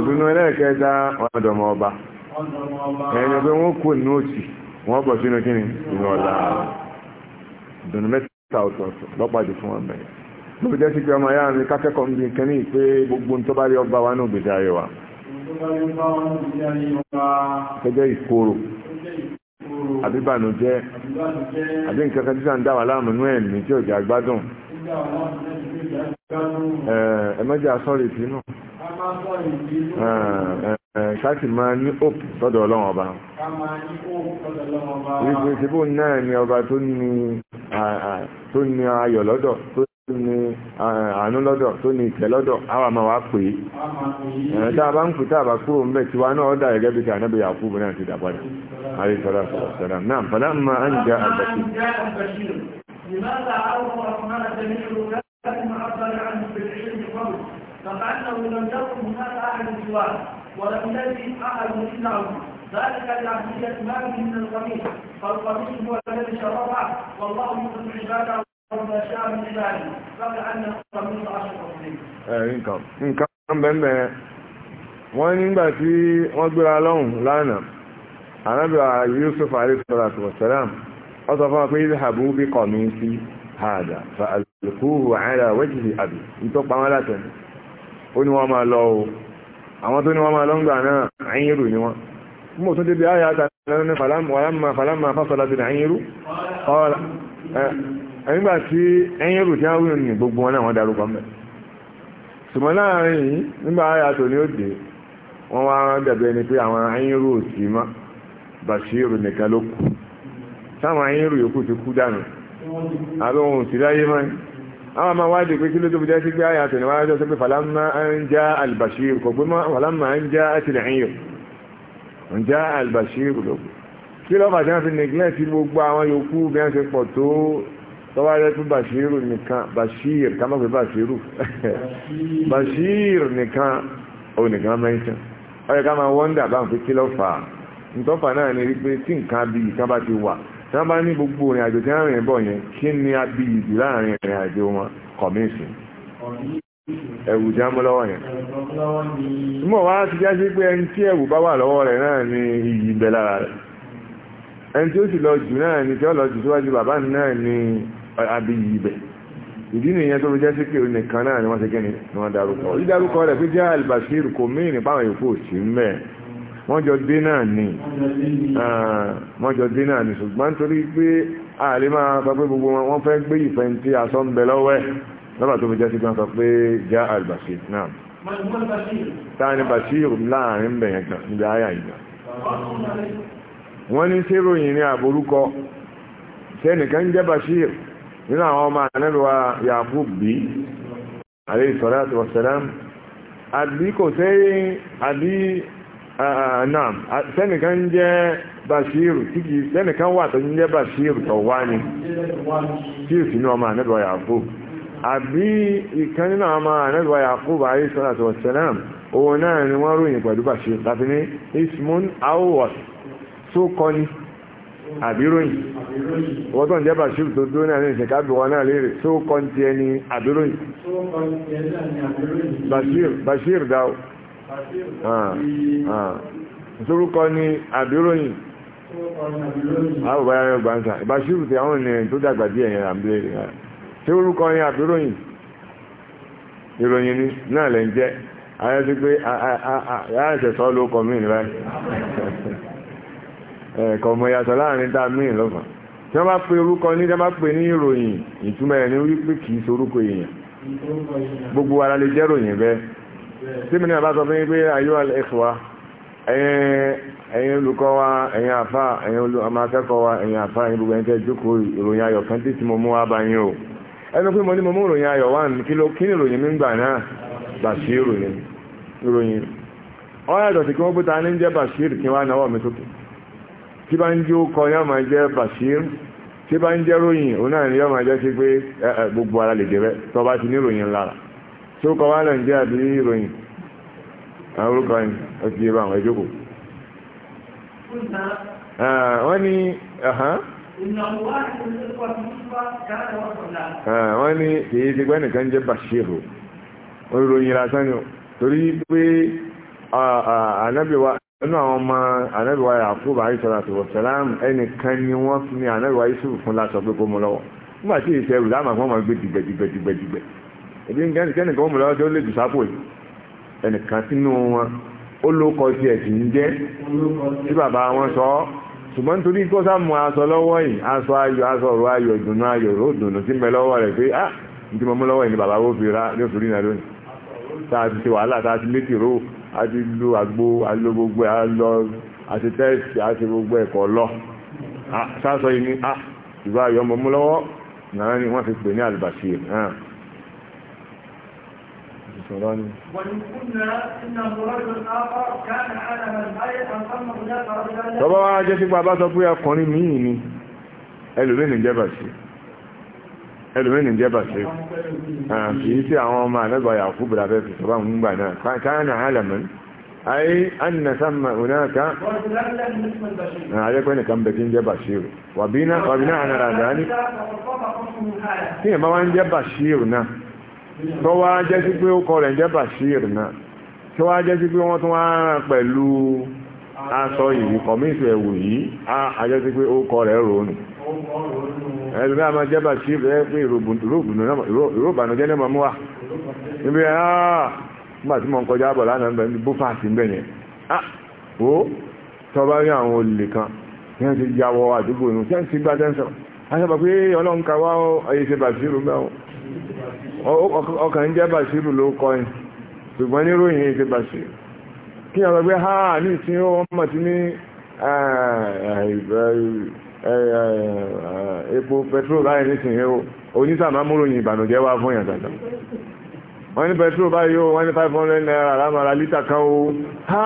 ìdùnnú ẹlẹ́ẹ̀kẹta ọ̀dọ̀mọ ọba ẹni pé wọ́n kò ní òtì wọ́n bọ̀ sínú kíni ìlú ọ̀la ìdùnnú mẹ́ta ọ̀tọ̀ọ̀tọ̀ lọ́pàdé fún wọn mẹ́rin lóbi jẹ́ sí pé ọmọ ayá mi kákẹ́kọ̀ọ́ mi kẹ́ ní ìpé gbogbo tó bá rí ọba wa náà gbèdé ayé wa gẹ́gẹ́ ìkorò àbíbànújẹ́ àbí nǹkan kan tí sàn dá wà láàmú inú ẹ̀mí tí òjò àgbádùn ẹ mẹ́jọ sọ́ọ̀rì ìbínú káàkiri máa ní òpù sọ́dọ̀ ọlọ́run ọba wípé síbò náà ni ọba tó ní ayọ̀ lọ́dọ̀ tó ní àánú lọ́dọ̀ tó ní ìtẹ́ lọ́dọ̀ àwa máa wá pè é ẹ̀rọ bá ń pè bá kúrò ń tí wa náà ọ̀dà ẹ̀gẹ́ bí ti ànábì Yakubu náà ti dàgbàdà àrí sọ́dọ̀ sọ́dọ̀ sọ́dọ̀ náà fọlá ń máa ń jẹ́ àgbàṣe. ذلك nǹkan nǹkan bẹ̀m̀bẹ̀ wọ́n nígbà tí wọ́n gbéra lọ́hùn lánàá anábìá Yusuf alayhisalatu wasalam wọ́n sọ fún wa pé ìdíhàbú bí kọ̀ mí sí hàdà fa alùkúhù àìrà wẹ́jìlì àbì tó pamọ́ látẹ̀lẹ̀ ó ní wọ́n máa lọ o àwọn tó ní wọ́n máa lọ́ngbà náà nígbà tí ẹ̀yìn rò tí a wí ní gbogbo wọn náà wọ́n darúkọ mẹ́ ṣùgbọ́n láàrin yìí nígbà ayàtọ̀ ni ó dé wọ́n wá dẹ̀bẹ̀ ni pé àwọn ẹ̀yìn rò sí mọ́ Bàṣírù nìkan ló kù táwọn ẹ̀yìn rò yòókù ti kú dànù àbí wọn ò sí láyé mọ́ àwọn ọmọ wádìí pé kí ló tóbi jẹ́ sí pé ayàtọ̀ ni wáyé sọ pé fàlámà ń já àlùbàṣírù kò gbé mọ́ fàlámà ń já àtìlẹ̀ ẹ̀yìn rò ń já àlùbàṣírù ló kù kí lọ́ba tọ́wọ́ rẹ̀ tún bashiru nìkan bashir ká má pè bashiru bashir nìkan ó nìkan mẹ́ńtàn ọ̀yẹ́ ká máa wọ́ndà bá ń fi kílọ̀ fà á ntọ́fà náà ni wípé tí nǹkan bí nǹkan bá ti wà tí wọ́n bá ní gbogbo ìrìn àjò tí wọ́n rìn bọ̀ yẹn kí ni a bí ìdí láàrin ìrìn àjò wọn kọ̀míṣìn ẹ̀wù jẹ́ mú lọ́wọ́ yẹn. mo wá ti já sí pé ẹni tí ẹ̀wù bá wà lọ́wọ́ rẹ̀ náà ni iyì ń bẹ lára rẹ̀ ẹni tí ó sì lọ jù náà ni tí ó lọ jù síwájú bàbá náà ni abiyì ibẹ̀ ìdí nìyẹn tó fi jẹ́ sí pé nìkan náà ni wọ́n ṣe kẹ́ni ni wọ́n darúkọ orí darúkọ rẹ̀ pé jẹ́ albasir kò mí nípa àwọn yòókù sí mẹ́ wọ́n jọ dé náà ni wọ́n jọ dé náà ni ṣùgbọ́n torí pé àlè máa sọ pé gbogbo wọn fẹ́ gbé ìfẹ̀ǹtì asọ́ ń bẹ lọ́wọ́ lọ́bà tó fi jẹ́ sí pé wọ́n sọ pé jẹ́ albasir náà táà basir láàrin bẹ̀yẹn kan níbi ayà ìgbà wọ́n ní sí ìròyìn ní àbórúkọ nínú àwọn ọmọ ànẹ́lùwà Yakub bí alayhi salatu wassalam àbí kò sẹ́yìn àbí náà sẹ́nìkan jẹ́ Bashiru tí kìí sẹ́nìkan wà tó jẹ́ Bashiru tó wá ní tí ì sínú ọmọ ànẹ́lùwà Yakub àbí ìkan nínú àwọn ọmọ ànẹ́lùwà Yakub alayhi salatu wassalam òun náà ni wọ́n ròyìn pẹ̀lú Bashiru láti ní ismun awọ́s tó kọ́ ni àbíròyìn wọ́n tó ń jẹ́ bàṣíù tó dúró náà ní ìṣẹ̀ká bí wọn náà léèrè tó kọ́ ti ẹni àbíròyìn bàṣíù dáwò ìtorúkọ ni àbíròyìn àwòbáyá yọ gbáǹsà bàṣíù tí àwọn ènìyàn tó dàgbà díẹ̀ yẹn àbílẹ̀ rẹ̀ tí orúkọ ni àbíròyìn ìròyìn ni náà lẹ́ ń jẹ́ ayẹ́ sí pé ayẹ́ sẹ̀sọ́ ló kọ mí ẹ̀kọ́ eh, mọ yàtọ̀ láàrin tá a mí lọ́fà tí wọ́n bá pe orúkọ ní tí wọ́n bá pe ní ìròyìn ìtumọ̀ ẹ̀ ní wípé kì í sorúkọ èèyàn gbogbo ara lè jẹ́ ròyìn bẹ́ẹ̀ tí mi ní àbá sọ fún yín pé ayé ẹ̀fọ́ wa ẹ̀yin olùkọ́ wa ẹ̀yin àfa ẹ̀yin wa ẹ̀yin àfa ẹ̀yin gbogbo ìròyìn ayọ̀ kan tí tí mo mú o pé mo ní mo mú ìròyìn ayọ̀ kí ni ìròyìn mi ń gbà náà tí bá ń jó kọ yọ́ máa jẹ́ Bashir tí bá ń jẹ́ ròyìn òun náà ni yọ́ máa jẹ́ sí pé gbogbo ara lè jẹ́rẹ́ tó bá ti ní ròyìn lára tí ó kọ wá lẹ́n jẹ́ àbí ròyìn àwọn orúkọ yìí ó ti yé bá àwọn ẹjọ́kù. wọ́n ní wọ́n kìí ti gbẹ́ nìkan jẹ́ Bashir o ròyìn lásán ni torí pé ànábìwá inú àwọn ọmọ anábìwá Yakub àìsàlátù wọ̀sálàm ẹnìkan ni wọ́n fi ní anábìwá Yusuf fún láṣọ pé kó mú lọ́wọ́ nígbà tí ìṣe ẹrù láàmà fún ọmọ gbé dìgbẹ́ dìgbẹ́ dìgbẹ́ dìgbẹ́ ebi ń gẹ́nì kẹ́nì kan mú lọ́wọ́ tó lè jù sápò yìí ẹnìkan sínú wọn ó ló kọ sí ẹ̀sìn ń jẹ́ tí bàbá wọn sọ ọ́ ṣùgbọ́n torí kó sáàmù aṣọ lọ́wọ́ yìí aṣọ ayọ̀ aṣọ ọ̀rọ̀ ayọ̀ ìdùnnú ayọ̀ ìró ìdùnnú sí mẹ́ lọ́wọ́ rẹ̀ pé ah ní ti mọ́ mú lọ́wọ́ yìí ni bàbá ó fi rí náà lónìí tá a ti ṣe wàhálà tá a ti létí ìró àti lu àgbo àlọ gbogbo àlọ àti tẹ́ẹ̀sì àti gbogbo ẹ̀kọ́ lọ sáàsọ yìí ní à ìgbà ayọ̀ ọmọ mú lọ́wọ́ náà ni wọ́n fi pè ní àlùbàṣì náà الشيطان tọ́bọ́ wá jẹ́ sí bàbá ni ẹlòmínì ẹlòmínì jẹ́ bàṣẹ́ kìí sí àwọn ọmọ àlẹ́gbà yàkú bùrà bẹ́ẹ̀ fìfọ́ bá ń gbà náà káàna alamun ayé anna sáàmà onáka ayẹ́pẹ́ nìkan bẹ̀kí ń jẹ́ bàṣẹ́ wà bí náà ànàrà dání tí ìyẹn bá wá ń jẹ́ bàṣẹ́ náà tó wá jẹ́ sí pé ó kọ rẹ̀ ń jẹ́ bàṣẹ́ náà tó wá jẹ́ sí pé wọ́n tún wá pẹ̀lú aṣọ ìrìkọ̀mí ìṣẹ̀wò yìí á ajẹ́ sí pé ó kọ rẹ̀ ròónù ẹlòmí àmà jẹ́bà tí ẹ pé ìròbànújẹ́ náà mú wa níbi ẹ̀ ah! áà nígbà tí mo ń kọjá bọ̀ lánàá bẹ̀ ní bófàsì ń bẹ̀ yẹn ah wo tọba rí àwọn olè kan tí wọ́n ti ya wọ àdúgbò inú tí wọ́n ti gbá tẹ́ńsọ̀ aṣọ́bà pé ọlọ́run ka wá ayéṣe bàṣírù mẹ́wọ́ ọkàn jẹ́ bàṣírù ló kọ́ ẹ̀ ṣùgbọ́n níròyìn ayéṣe bàṣírù kí wọ́n sọ ha ní ìsìn ó wọ́n mọ̀ sí ní eh, eh, epo petrol báyìí nísìnyí o onísàmà múròyìn ìbànújẹ́ wá fún yàn tàtà wọ́n ní petrol báyìí o wọ́n ní five hundred naira lámàrà lítà kan o ha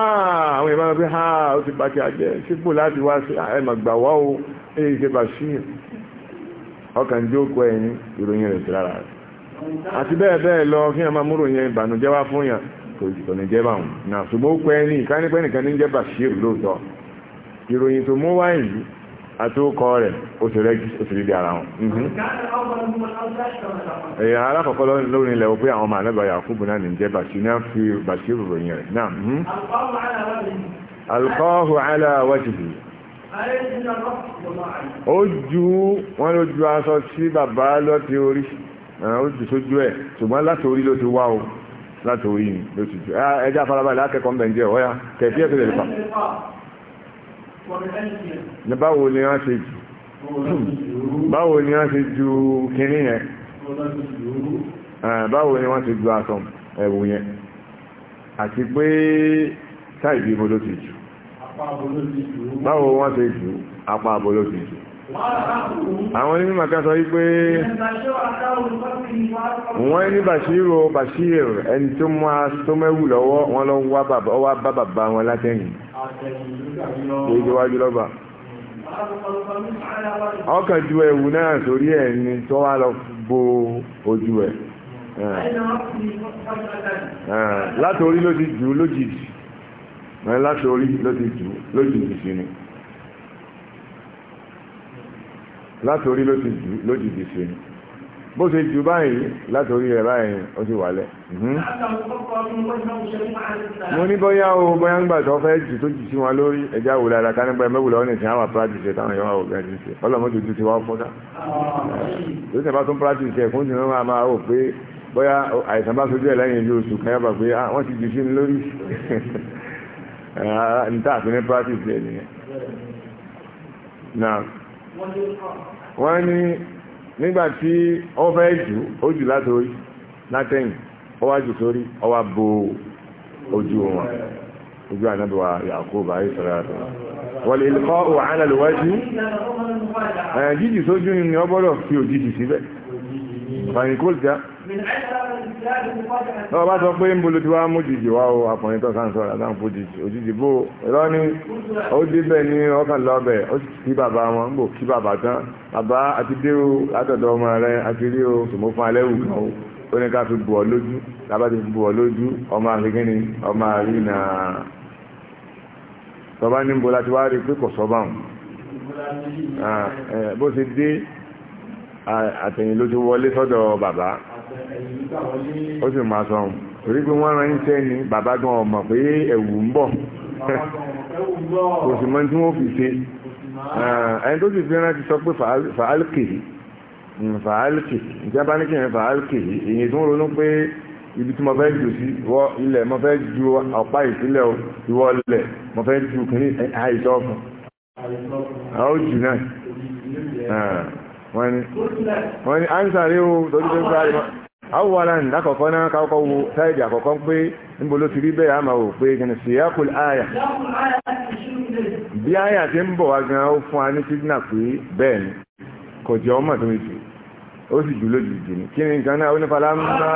àwọn ìbámu pé ha ó ti pàṣẹ àjẹ sípò láti wá sí ẹ̀mà gbà wá o èyí ṣe bà sí ọkàn jókòó ìròyìn sí àti bẹ́ẹ̀ bẹ́ẹ̀ lọ fi hàn máa múròyìn ìbànújẹ́ wá fún yàn kò sì tọ̀nà jẹ́ bá wọn àtúkọ rẹ̀ òṣèré di ara wọn. èèyàn mhm. alákọ̀ọ́kọ́ lórí ilẹ̀ òpé àwọn ọmọ àlẹ́bàá Yakubu náà nìjẹ́ bàṣírù fi bàṣírù ròyìn rẹ̀ náà. Mhm. alqahu ala wajhihi. ó ju wọn ló ju aṣọ sí bàbá lọ́tí orí ó jù sójú ẹ̀ ṣùgbọ́n láti orí ló ti wá o láti orí ló ti ju ẹja farabalẹ̀ akẹ́kọ̀ọ́ mbẹ̀ ń jẹ́ ọ̀ya kẹ̀fí ẹ̀kọ́ ní báwo ni wọ́n ṣe jù báwo ni wọ́n ṣe ju kìíní yẹn báwo ni wọ́n ṣe ju aṣọ ẹ̀wù yẹn àti pé táìbí ibo ló ti jù báwo wọ́n ṣe jù apá abo ló ti jù àwọn onímọ̀ màkà sọ wípé wọ́n ní bàṣírò bàṣírò ẹni tó mú a tó mẹ́wù lọ́wọ́ wọ́n lọ wá bàbá wọn látẹ̀yìn èyí tó wájú lọ́ba ọkàn ju ẹ̀wù náà sórí ẹ̀ ni tó wá lọ bo ojú ẹ̀ látòrí ló ti jù lójijì látòrí ló ti jù lójijì sí ni látòrí ló ti jù lójijì sí ni bó ṣe jù báyìí látòrí rẹ̀ báyìí ó ti wálẹ̀. Mhm. mo ní bóyá o bóyá ń gbà tó fẹ́ jù tó jù sí wọn lórí ẹja wò lára ká nígbà mẹ́wùlá ọ̀nà ìsìn àwọn practice táwọn èèyàn àwọn obìnrin ti ṣe ọlọ́mọdé tó ti wá fọ́dá. tó tẹ̀ bá tún practice ẹ̀kún ti máa máa rò pé bóyá àìsàn bá sojú ẹ̀ lẹ́yìn ojú oṣù kan yábà pé ah, wọ́n ti jù sí mi lórí níta àfi ní practice ẹ̀ nìyẹn. wọ́n ní nígbà tí ó fẹ́ jù ó jù látòrí látẹ̀yìn ó wá jù sórí ó wá bo ojú wọn ojú ànábíwá Yakubu ayé sọ̀rọ̀ àtọ̀ wọlé ilkọ́ wà á lálùwájú ẹ̀yìn jíjì sójú ni ó gbọ́dọ̀ fi òjijì síbẹ̀ fàyínkó já lọ́wọ́ bá sọ pé ń bolo tí wàá mú jìjì wá o àfọ̀yín tó kàn sọ̀rọ̀ àdáhùn fún jìjì òjijì bó ẹ̀rọ ni ó débẹ̀ ní ọkàn lọ́bẹ̀ ó sì kí bàbá wọn ń bò kí bàbá tán bàbá àti dé o látọ̀dọ̀ ọmọ rẹ àti rí o sòmó fún alẹ́ wù náà ó ní ká fi bù ọ lójú lábá ti bù ọ lójú ọmọ àfikín ni ọmọ àrí nà tọ́ba ní bo láti wá rí pé kò sọ́ báwọn bó ṣe dé àtẹ̀yìn ló ti wọlé sọ́dọ̀ bàbá ó sì máa sọ torí pé wọ́n rán iṣẹ́ ni bàbá gan ọmọ pé ẹ̀wù ń bọ̀ kò sì mọ tí wọ́n fi ṣe ẹni tó sì fi rán ti sọ pé fàálkì fàálkì hmm, ìjẹ́ ní kí n èyí tó ń ronú pé ibi tí mo fẹ́ jù sí wọ ilẹ̀ mo fẹ́ ju ọ̀pá ìsílẹ̀ ìwọ ilẹ̀ mo fẹ́ ju kìíní àìsọ́ fún àwọn jù náà wọ́n ni a ń sáré o torí pé gbáyé awọ́wọ́lá ní lákọ̀ọ́kọ́ náà káwọ́kọ́ wo sáìdì àkọ́kọ́ pé níbo ló ti rí bẹ́ẹ̀ àmà wò pé kìnnì sí apple aya bí aya ti ń bọ̀ wá gan ó fún wa ní sígínà pé bẹ́ẹ̀ ni kò jẹ́ ọmọ tó ń ṣe ó sì jù lójijì ni kí ni nǹkan náà ó ní fara ń bá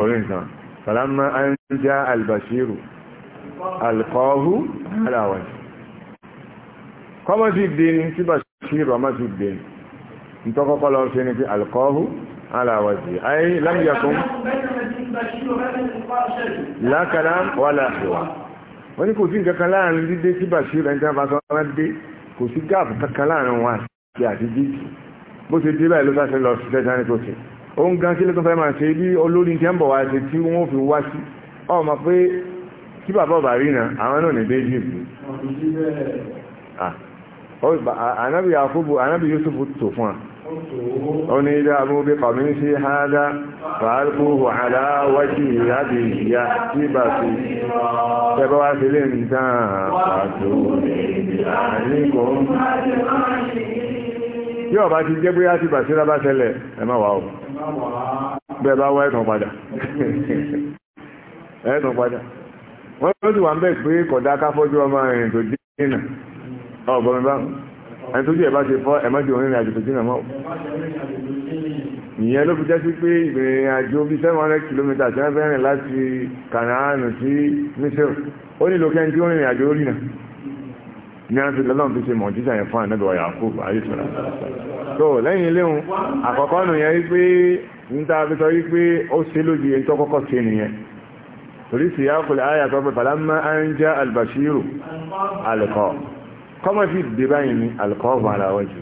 ọ̀rẹ́ nǹkan fara albashiru alkọ́ọ̀hù aláwọ̀ kọ́mọ́ ti dé ní tí bá ṣírò ọmọ ti dé ní tọ́kọ́kọ́ lọ sí ní pé alkọ́ọ̀hù aláwọ̀ sí ayé lámìyàkún lákàlá wà láàríwá wọ́n ní kò sí nǹkan láàrin dídé tí bá ṣírò ẹni tí wọ́n bá sọ wọ́n dé kò sí gáàpù kankan láàrin wọn àti àti dídì bó ti dé báyìí ó ń gan sílé tó fẹ́ máa ṣe bí olórin tí ń tí wọ́n fi wá sí ọmọ pé tí bàbá ọba rí na àwọn náà ní dé Egypt anabi yakubu anabi yusuf tó fún a ó ní ilé abúgbé kọ̀mí sí hádá fàálkúhù aláwájú ìyábi ìyá tí bà sí tẹ́bọ́ wá sí lè ń pàtó àríkò bá ti jẹ́ bóyá tí bà sí rábá tẹ́lẹ̀ ẹ má wà ó bẹ́ẹ̀ bá wá ẹ̀tàn padà ẹ̀tàn padà wọ́n ló ti wà ń bẹ̀ pé kọ̀dá káfọ́jú ọmọ ẹ̀rìn tó jìnà ọ̀bọ̀n bá ẹni tó jẹ́ ẹ̀bá ṣe fọ́ ẹ̀mọ́jì orin àjò tó jìnà mọ́ ìyẹn ló fi jẹ́ sí pé ìrìn àjò bíi seven hundred kilometers tí wọ́n fẹ́ rìn láti kanaanu sí misir ó nílò kẹ́ni tí ó rìnrìn àjò orí náà ní àti lọ́lọ́run fi ṣe mọ̀ jíjà yẹn fún ànábẹ̀wà Yakub ayéṣọ́ra tó lẹ́yìn iléhun àkọ́kọ́ nù yẹn wípé ń ta fi sọ wípé ó ṣe lójú ẹni kọ́kọ́ ṣe nìyẹn torí sí yákùlẹ̀ ayà tó pẹ̀ pàlámà á ń já albashiru alkọ́ kọ́mọ̀ sí dé báyìí ní alkọ́ fún ara wọn jù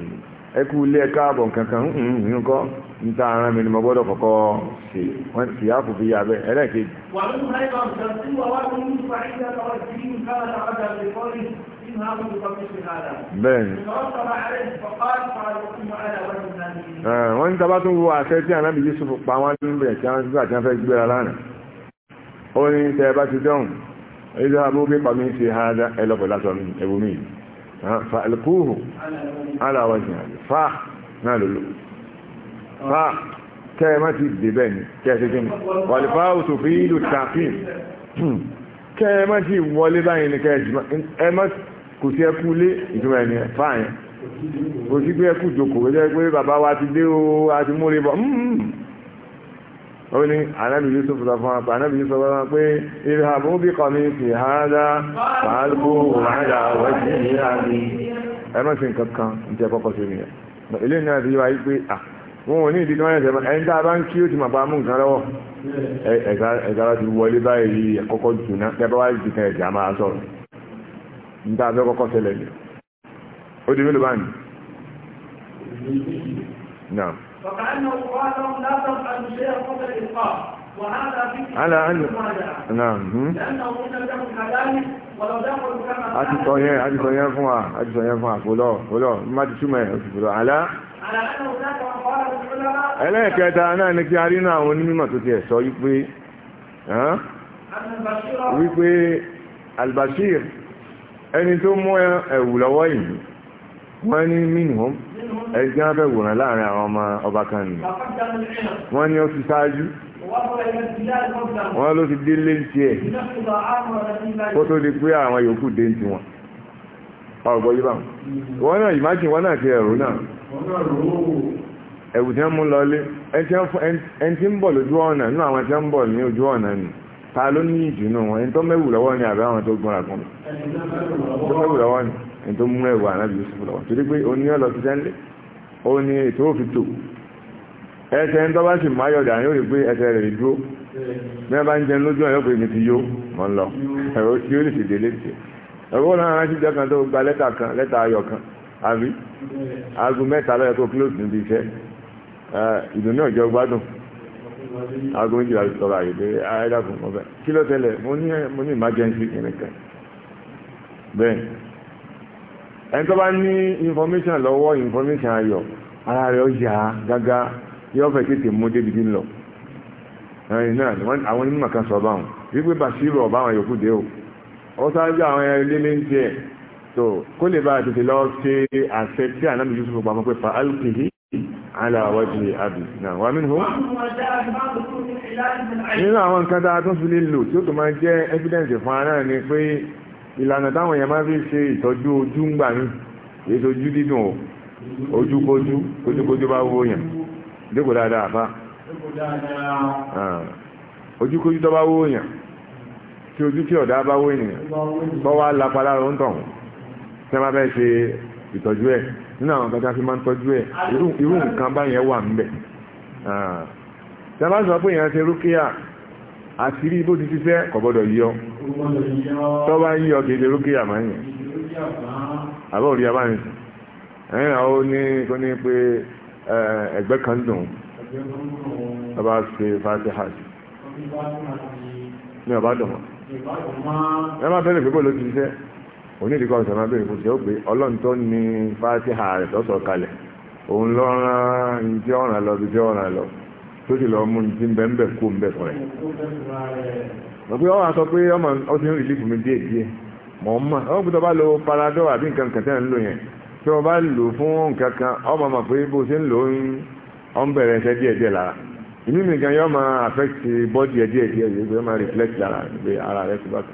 ẹkú ilé káàbọ̀ kankan nínú kọ́ ń ta ara mi ni mo gbọ́dọ̀ kọ́kọ́ sí wọ́n sì yá kù fi yà bẹ́ẹ̀ ẹlẹ́ẹ̀kejì. wà nínú ẹ̀ka ọ̀sán tí wà wá tó ń fa ìjà lọ́wọ́ sí ìkára àgbà lè kọ́rin bẹ́ẹ̀ni wọ́n ń tabá tún wo àṣẹ tí ànábì Yusuf pa wọ́n níbẹ̀ tí wọ́n fẹ́ gbéra lánàá ó ní tẹ́ bá ti dọ́hùn ìdá abúgbé pàmí ti ha dá ẹlọ́pọ̀ látọ̀ ẹbùmí fa alkúhù aláwọ̀jì fa náà lòlò fa tẹ́ má ti dìbẹ̀ ní kẹ́ẹ̀sì kí ni wàlìfáà tó fi ìlú tàfíìn kẹ́ẹ̀ má ti wọlé báyìí ní kẹ́ẹ̀sì ẹ má kò sí ẹkú lé ìtumọ̀ ẹni fa kò sí pé ẹkú jòkó pé bàbá wa ti dé o a ti múre bọ̀ hmm, hmm, hmm ó ní anábì yusuf sọ fún apá anábì yusuf sọ fún pé ìrìnàbó bí kọ́ mi sì há dá pàálùkù wàhálà wẹ́sì ní àmì ẹ̀rọ sí nǹkan kan jẹ́ kọ́kọ́ sí mi ilé náà ti wáyé pé à ah, wọn ò ní ìdí kan ẹ̀sẹ̀ ẹni tá a bá ń kí ó ti mà bá mú nǹkan lọ́wọ́ ẹ̀ka ti wọlé báyìí kọ́kọ́ jùnà tẹ́bá wá jù kan ẹ̀jẹ̀ a sọ̀rọ̀ فكأنه قال لهم لا تفعلوا شيئا قبل الإلقاء وهذا فيه على علم نعم لأنه إن لهم كذلك ولو دخلوا كما أتي صحيح أتي صحيح فوا أتي صحيح فوا فلو فلو ما تسمى فلو على على أنه ذاك من قال للعلماء ẹlẹ́ẹ̀kẹta náà ni kí a rí náà àwọn onímọ̀ tó ti ẹ̀ sọ wípé wípé albashir ẹni tó mú ẹ̀wù lọ́wọ́ yìí wọ́n ní mínú ẹni tí wọ́n fẹ́ wòrán láàrin àwọn ọmọ ọba kan nù wọ́n ní ó ti ṣáájú wọ́n ló ti délé ń tiẹ̀ kó tó di pé àwọn yòókù dé ń ti wọn ọ̀gbọ́ yìí báwọn wọ́n náà ìmájì wọ́n náà ti ẹ̀rù náà ẹ̀wù tí wọ́n mú lọlé ẹni tí ń bọ̀ lójú ọ̀nà nínú àwọn tí wọ́n ń bọ̀ ní ojú ọ̀nà nù ta ló ní ìdùnnú wọn ẹni tó mẹ́wù lọ́wọ́ ni àbí àwọn tó gbọ́nra kan tó mẹ́wù lọ́wọ́ ni ẹni tó mú ẹ̀wù ànábì Yusuf lọ́wọ́ torí pé oníyàn lọ sí sẹ́ńlẹ̀ ó ní ètò òfìtò ẹsẹ̀ ń tọ́bá sì máa yọ̀dà yóò rí pé ẹsẹ̀ rẹ̀ dúró bí wọ́n bá ń jẹun lójú ọ̀yọ́ pé mi ti yó mọ́ ń lọ ẹ̀rọ tí ó lè sì délé sí ẹ̀rọ náà rántí jẹ́ kan tó gba lẹ́tà kan lẹ́tà ayọ̀ kan àbí aago mẹ́ta lọ́yọ̀ tó close níbi iṣẹ́ ìdùnnú ọ̀jọ́ gbádùn aago méjìlá sọ̀rọ̀ àyè pé ayédàkùn mọ́bẹ̀ kí ló tẹ́lẹ̀ mo ní emergency kìnìkan bẹ́ẹ̀ ẹni tó bá ní information lọ́wọ́ information ayọ̀ ara rẹ̀ ó yà á gágá yóò fẹ́ tètè mú débi dín lọ ẹ̀yìn náà àwọn onímọ̀ kan sọ báwọn wípé bàṣírò ọ̀bá àwọn yòókù dé o ó sáájú àwọn ilé méjì ẹ̀ tó kó lè bá tètè lọ ṣe àṣẹ tí ànábì Yusuf pamọ́ pé fa alkihi ala wajhi abi náà wà mí nìhó. nínú àwọn nǹkan tá a tún fi lè lò tí ó tó máa jẹ́ evidence fún ara ni pé ìlànà táwọn èèyàn máa fi ṣe ìtọ́jú ojú ń gbà ní èso ojú dídùn o ojúkójú ojúkójú bá wó yàn dẹ́kò dáadáa fa ah. ojúkójú tó bá wó yàn tí ojú tí ọ̀dá bá wó ènìyàn tó wá lápá lára ń tọ̀hún tí wọ́n bẹ́ẹ̀ ṣe ìtọ́jú ẹ̀ nínú àwọn kankan fi máa ń tọ́jú ẹ̀ irú nǹkan báyẹn wà ń ah. tí wọ́n bá sọ pé èèyàn ṣe rúkìá àti rí bó ti ṣiṣẹ́ kò yọ tó bá ń yọ kéde lókè àmáyìn àbọ̀ òrí abáyìn ẹ̀yìn àwọn oní kó ní pé ẹgbẹ́ kan dùn tó bá ṣe fàáṣẹ́ hajj ní ọba dùn wọn ẹ má bẹ̀rẹ̀ pé bó ló ti ṣiṣẹ́ onídìíkọ̀ ọ̀sẹ̀ máa bẹ̀rẹ̀ fún ṣe ó pé ọlọ́run tó ní fàáṣẹ́ ààrẹ tọ́sọ̀ kalẹ̀ òun lọ rán ìjẹ́ ọ̀ràn lọ bí jẹ́ ọ̀ràn lọ tó sì lọ mú ní ti ń bẹ́ ń bẹ̀ kó ń bẹ̀ fún ẹ̀ mọ̀ pé ọ̀hún sọ pé ọmọ ọtí ń rìlífù mi díẹ̀ díẹ̀ mọ̀ ń mọ̀ ọ̀hún tó bá lo paradol àbí nǹkan kan tẹ́ ń lò yẹn tí wọ́n bá lò fún nǹkan kan ọmọ mọ̀ pé bó ṣe ń lò ń ọ̀n bẹ̀rẹ̀ ẹsẹ̀ díẹ̀ díẹ̀ lára inú mi gan yóò máa affect body ẹ̀ díẹ̀ díẹ̀ yóò máa reflect lára pé ara rẹ̀ ti bá tó.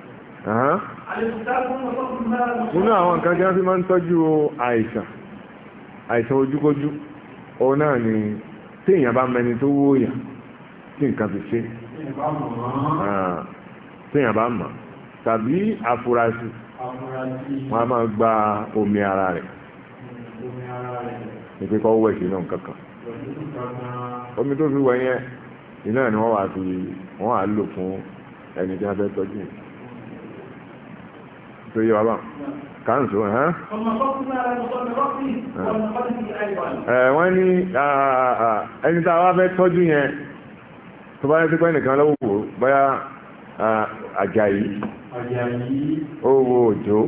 nínú àwọn nǹkan tí wọ́n fi máa ń tọ́jú àìsàn àìsàn ojúkójú òun náà ni téèyàn bá mẹni tó wó yàn tí nǹkan fi ṣe téèyàn bá mọ̀ tàbí àfúrásì wọn a máa gba omi ara rẹ̀ ìpè kọ́ wẹ̀ sí náà kankan omi tó fi wẹ̀ yẹn iná ni wọ́n wà fi wọ́n wà lò fún ẹni tí wọ́n fẹ́ tọ́jú tó yẹ wá bá káńsù hàn. ẹ wọ́n ní ẹni tá a wá fẹ́ tọ́jú yẹn tó bá yẹ sí pé nìkan lọ́wọ́ bóyá àjàyí owó òjò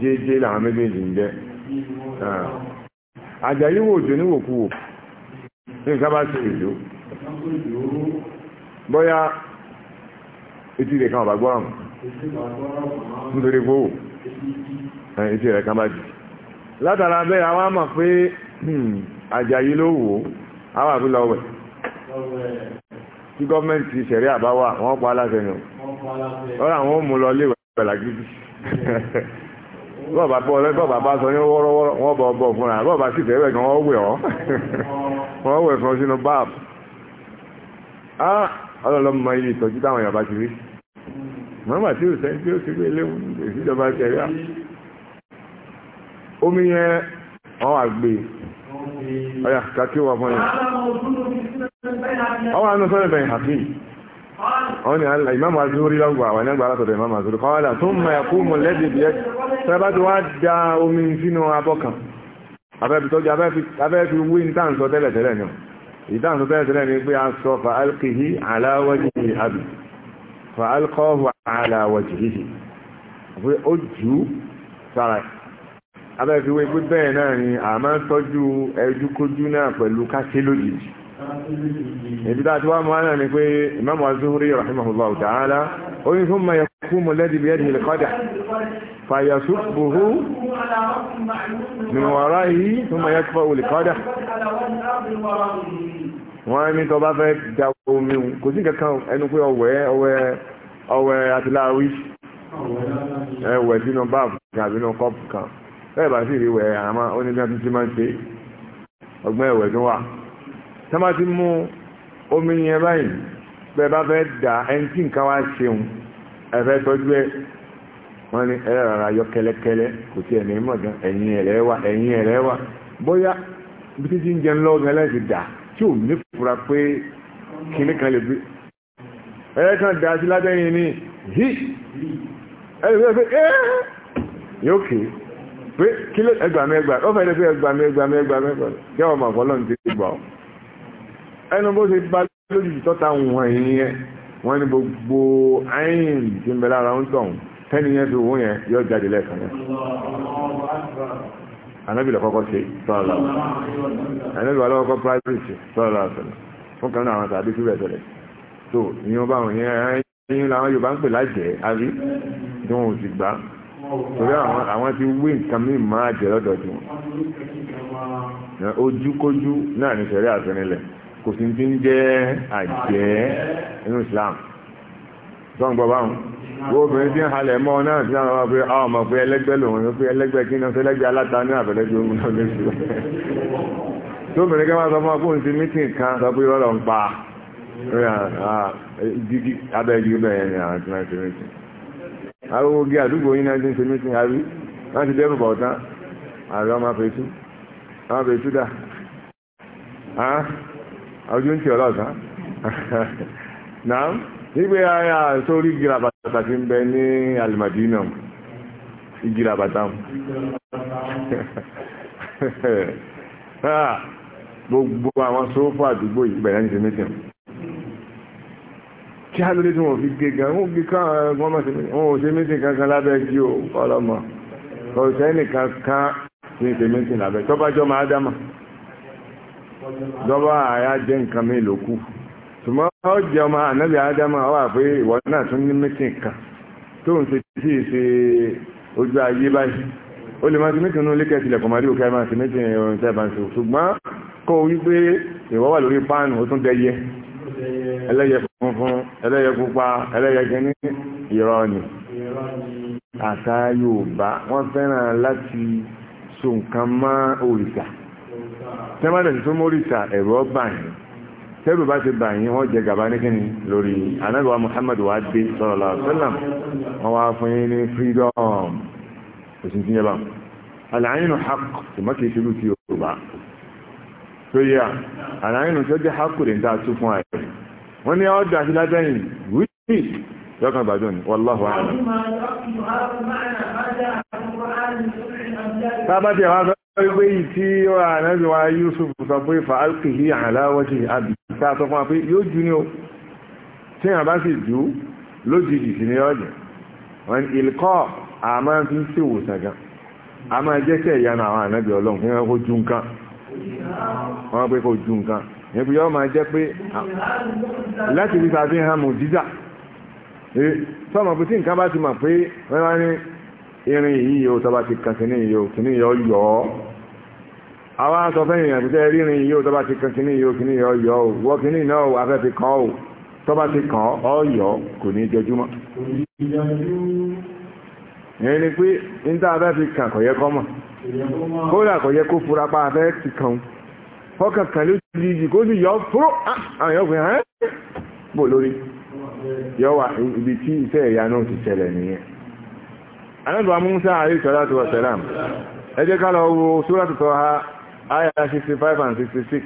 jẹ́jẹ́ làwọn méjèèjì ń jẹ́ àjàyí ah. wò òjò níwòkúwò ní ìsábà sí òjò bóyá etí rẹ̀ kan ọ̀bàgbọ́ àrùn nítorí gbówò eh, etí rẹ̀ kan bá jù látara bẹ́ẹ̀ àwọn àmọ̀ pé àjàyí hmm, ló wò ó àwọn àbúlọ̀ wẹ̀ tí gọ́ọ̀mẹ́ntì ṣẹ̀rí àbáwà wọ́n pa aláṣẹ nù o àwọn ò mú lọ lè wẹ̀ lágídí bọ́ọ̀bà bọ́ ọ̀rẹ́ bọ́ọ̀bà bá sọ ní wọ́rọ́wọ́rọ́ wọ́n bọ̀ ọgbọ̀ fúnra bọ́ọ̀bà sì tẹ́wẹ̀ gan wọ́n wẹ̀ ọ́ wọ́n wẹ̀ fún ọ sínú báàbù á ọlọ́lọ́mọ iye ìtọ́jú táwọn èèyàn bá ti rí mọ́mà tí ó sẹ́ tí ó ti rí eléwu ìsíjọba tẹ̀rí omi yẹn wọ́n wà gbé e ọ̀yà kàkí wà fún yẹn ọwọ́ àánú sọ́rọ̀ bẹ̀yìn àfi ọ ni ìmáàmù azúrí lọ́gbà wà nígbà alátọ̀dọ̀ ìmáàmù azúrí kọ́wàlà tó mọ̀ ẹ̀kú mọ̀ lẹ́dì bí ẹ́ sábà tó wá da omi sínú abọ́ kan abẹ́fi tọ́jú abẹ́fi wí ní táǹsọ tẹ́lẹ̀ tẹ́lẹ̀ ni ìdáǹsọ tẹ́lẹ̀ tẹ́lẹ̀ ni pé a sọ fa'alkihi aláwọ̀jì àbí fa'alkọ́hu aláwọ̀jì yìí ó jù sára abẹ́fiwé pé bẹ́ẹ̀ náà ni a máa ń tọ́jú ẹjúkójú náà pẹ̀lú káṣẹ́ lójijì ibi tá a ti wá mọ́ náà ni pé imam azuhuri rahimahullahu ta'ala oyin fún ma yakú mọ̀lẹ́dì bí ẹ̀dì ìlẹ̀kọ́dà fàyàsú buhu nìwọ̀rá yìí fún ma yakú fọ́ olùkọ́dà wọ́n ní tó bá fẹ́ da omi kò sí kankan ẹnu pé ọwẹ́ ọwẹ́ àtìláwí ẹwẹ̀ sínú báàbù kan àbínú kọ́pù kan bẹ́ẹ̀ bá sì rí wẹ̀ àmọ́ onígbà tó ti máa ń ṣe ọgbọ́n ẹ̀wẹ̀ tó wà tá má ti mú omi yẹn báyìí bẹ́ẹ̀ bá fẹ́ dà ẹni tí nǹkan wá ṣeun ẹ̀fẹ́ tọ́jú ẹ̀ wọ́n ní ẹ̀rẹ́ rárá yọ kẹlẹ́kẹlẹ́ kò tí ẹ̀mí mọ̀ gan ẹ̀yìn ẹ̀rẹ́ wà ẹ̀yìn ẹ̀rẹ́ wà bóyá bí títí ń jẹun lọ́gàn ẹlẹ́sìn dà tí ò ní fura pé kinní kan lè bí ẹ̀rẹ́ kan dà sí lábẹ́yìn ní hí ẹ̀rẹ́ fẹ́ fẹ́ pé kí ló ẹgbàmí ẹgbàmí ó fẹ́lẹ́ fẹ́ ẹgbàmí ẹgbàmí ẹgbàmí ẹgbàmí jẹ́ ọmọ ọ̀pọ̀lọ́n ti gbà ọ́ ẹnu bó ṣe bá lójijì tọ́ta wọ̀n yẹn wọ́n ní gbogbo ayin ti ń bẹ lára ń tọ̀hún tẹ́ni yẹn fi wọ́n yẹn yọ jáde lẹ́ẹ̀kan yẹn anabi lọ́kọ́kọ́ ṣe sọ́ọ̀lá anabi lọ́kọ́ private ṣe sọ́ọ̀lá sọ́ọ̀lá fún kan náà àwọn tàbí síbẹ̀ sọ́ọ̀lá so ìyẹn bá wọn yẹn ẹyin làwọn Yorùbá ń pè lájẹ̀ẹ́ àbí tí wọn ò sì gbà torí àwọn ti wé nǹkan mí máa jẹ lọ́dọ̀ tí wọn ojúkójú náà ní sẹ̀rí àfẹnilẹ̀ kò sí ti ń jẹ́ àjẹ́ inú Islam tọ́n gbọ́ báwọn wọ́n obìnrin tí ń halẹ̀ mọ́ náà sí àwọn ọmọ pé àwọn ọmọ pé ẹlẹ́gbẹ́ lòun ló pé ẹlẹ́gbẹ́ kí náà fẹ́lẹ́gbẹ́ aláta ní àfẹ́lẹ́gbẹ́ ogun náà lè ṣe tóbìnrin kí wọ́n sọ fún ọkùnrin ti mítìn kan sọ pé rọ́lọ́ ń pa ah, abẹ́ ìdí bẹ́ẹ̀ ni àwọn tí wọ́n ti mítìn àwọn ogi àdúgbò yín náà ti ń ṣe mítìn àrí wọ́n ti dẹ́rù bọ̀ tán àrí ọmọ afẹ́tú ọmọ afẹ́tú dà ọdún tí ọlọ́sàn náà nígbé ayá sórí gíra bàtà ti ń bẹ ní alimadina ìgíra bàtà gbogbo àwọn sófà àdúgbò ìgbẹ̀rẹ̀ ní ṣe mítìn kí á lórí tí wọ́n fi gé gan wọ́n gé káwọn ò ṣe mítì kankan lábẹ́ jí o ọlọ́mọ ọ̀sẹ̀ nìkan kan ní ṣe mítì lábẹ́ tọ́bájọ́ máa dámà dọ́bà àyá jẹ́ nǹkan mi lókù ṣùgbọ́n ó jẹ́ ọmọ ànábì ádámà wà pé ìwọ náà tún ní mítì kan tó ń ṣe tí ì ṣe ojú ayé báyìí ó lè máa ṣe mítì nínú lékẹ́ tilẹ̀ kọ̀mọ́rí òkè máa ṣe mítì ìrìn tẹ́bà ṣùgbọ́n kó wípé ìwọ wà lórí páànù ó tún dẹyẹ ẹlẹ́yẹ funfun ẹlẹ́yẹ pupa ẹlẹ́yẹ kìíní irọ́ ni àṣà Yorùbá wọ́n fẹ́ràn láti so nǹkan mọ́ òrìṣà tẹ́mọ́lẹ̀ tó mọ́ òrìṣà ẹ̀rọ báyìí tẹ́rù bá ti báyìí wọ́n jẹ gàba ní kíni lórí anábìwá Muhammad wa dé sallallahu alaihi wasallam wọ́n wá fún yín ní freedom òsìn tí yẹ bá àlàyìn haq ṣùgbọ́n kìí ṣe lù sí Yorùbá tó yẹ àlàyìn tó jẹ́ haq ń dá tó fún àyè wọ́n ní ọ́ dà sí látẹ́yìn wíìsì yọ́kan gbàdùn ní àwọn a máa jẹ́ kẹ́ ìyanu àwọn ànábì ọlọ́run fún ẹgbẹ́ kó jú nǹkan ẹ̀kú yọ́ máa jẹ́ pé láti fi ṣàfihàn mùjíjà sọ́mọ̀ pé tí nǹkan bá ti mọ̀ pé wọ́n wá ní irin yìí yóò tọ́ba ti kàn kíní yóò kíní yọ yọ ọ́ sọ fẹ́ ìrìn àbújá rírin yìí yóò tọ́ba ti kàn kíní yóò kíní yọ yọ ọ́ wọ́n náà fi kàn ọ́ tọ́ba ti kàn ọ́ yọ kò ní jọjúmọ́ ẹni pé fi kàn mọ̀ kódà furapa ti fọ́kàn kan ló ti di kó sì yọ fúró àyàn pé hàn bò lórí yọ wà ibi tí iṣẹ́ ẹ̀yà náà ti ṣẹlẹ̀ nìyẹn anábà Musa alayhi salatu wa salam ẹ jẹ́ ká lọ wo suratu Taha aya 65 and 66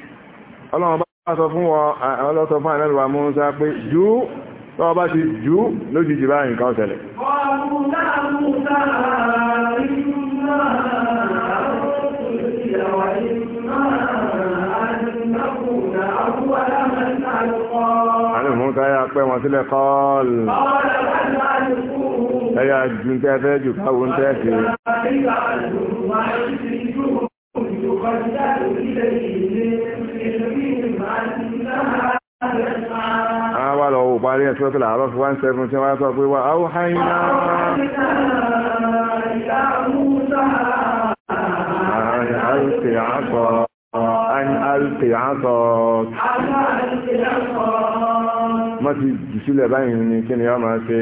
ọlọ́run bá sọ fún ọlọ́sọ fún anábà Musa pé jù tọ́ bá ti jù lójijì báyìí nǹkan ṣẹlẹ̀ mú táyà pẹ́ wọn sílẹ̀ kọ́ọ̀lù ẹ̀yà jù ń tẹ́ fẹ́ jù káwọn tẹ́ sí Àwọn lọ wò parí ẹ̀sọ́ tó làárọ̀ fún 17 tí wọ́n sọ pé wà áwọ̀ hàínà. Ààrẹ àrùkè àtọ̀. má ti jù sílẹ̀ báyìí ni kí ni wọ́n máa ṣe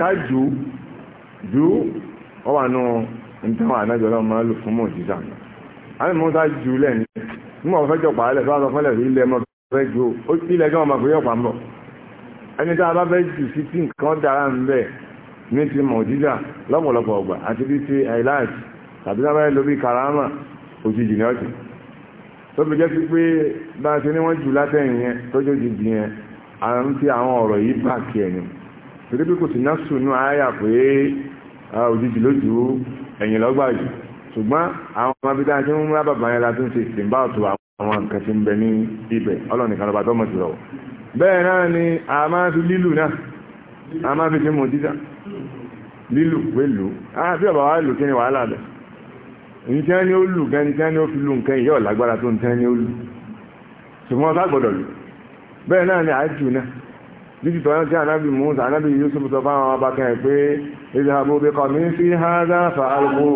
kájú jù wọ́n wà nù ìtàwọn àdájọ́ lọ́wọ́ máa lò fún mọ̀jíjà àmì mọ́ sá jù lẹ́ni nígbà wọ́n fẹ́ jọ pàálẹ̀ fẹ́ fẹ́lẹ̀ ilẹ̀ mọ́ fẹ́ jù ó ilẹ̀ jọ ọmọ fẹ́ yọ̀pá mọ́ ẹni tá a bá fẹ́ jù sí tí nǹkan dára ń bẹ̀ ní ti mọ̀jíjà lọ́pọ̀lọpọ̀ ọgbà àti bí ti àìláàjì tàbí lábẹ́ lóbi karama tó fi jẹ́ sí pé bá a ṣe ní wọ́n jù látẹ̀yìn yẹn tọ́jú jìjì yẹn à ń fi àwọn ọ̀rọ̀ yìí bà kí ẹ̀yìn torí bí kò sí náà sùn náà àyà pé òjijì lójú ẹ̀yìn lọ́gbà jù ṣùgbọ́n àwọn ọmọ abidá tí ń rábà bàyẹn la tún ṣe ìsìnbá ọ̀tọ̀ àwọn nǹkan tí ń bẹ ní ibẹ̀ ọlọ́nìkan lọ́ba tó mọ̀ jùlọ bẹ́ẹ̀ náà ni a máa fi lílù náà a máa fi ṣe mọ̀ jíjà lílù pẹ̀lú ah, bí ọ̀bà wa lù kí ni wàhálà bẹ̀ nǹkan ni ó lù gan nǹkan ni ó fi lù nǹkan ìyá ọ̀lágbára tó nǹkan ni ó lù ṣùgbọ́n ọ̀sá gbọ́dọ̀ lù bẹ́ẹ̀ náà ni àájù náà níbi tó rántí anábì Musa anábì Yusuf sọ fáwọn ọba kan ẹ̀ pé ìdá àbò bí kọ̀ mí sí hádá fàálùkù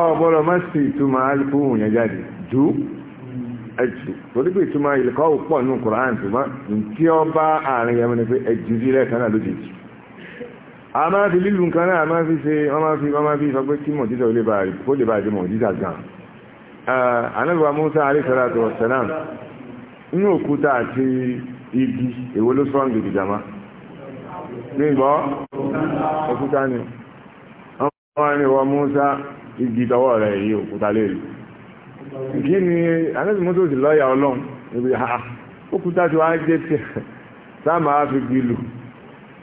ọ̀bọ̀lọ̀ má sì ìtumọ̀ alùkù yẹn jáde jù ẹjù torí pé ìtumọ̀ ìlẹ̀kọ́ pọ̀ nù Kùránì ṣùgbọ́n tí ọba àárín yẹn ni pé ẹjù sílẹ̀ kan náà lójijì a máa fi lílù nǹkan náà a máa fi ṣe wọ́n máa fi wọ́n máa fi sọ pé kí mọ̀jísà ó lè bá rí kó lè bá rí mọ̀jísà gan anábìwá Musa alayhisalatu wassalam inú òkúta àti igi èwo ló sọ́ọ̀n gidi jama nígbọ́ òkúta ni wọ́n ní Musa igi tọwọ́ rẹ̀ yìí òkúta lè rí kí ni anábì Musa sì lọ́ọ̀yà ọlọ́run òkúta tí wọ́n jẹ́ tiẹ̀ sáà máa fi gbi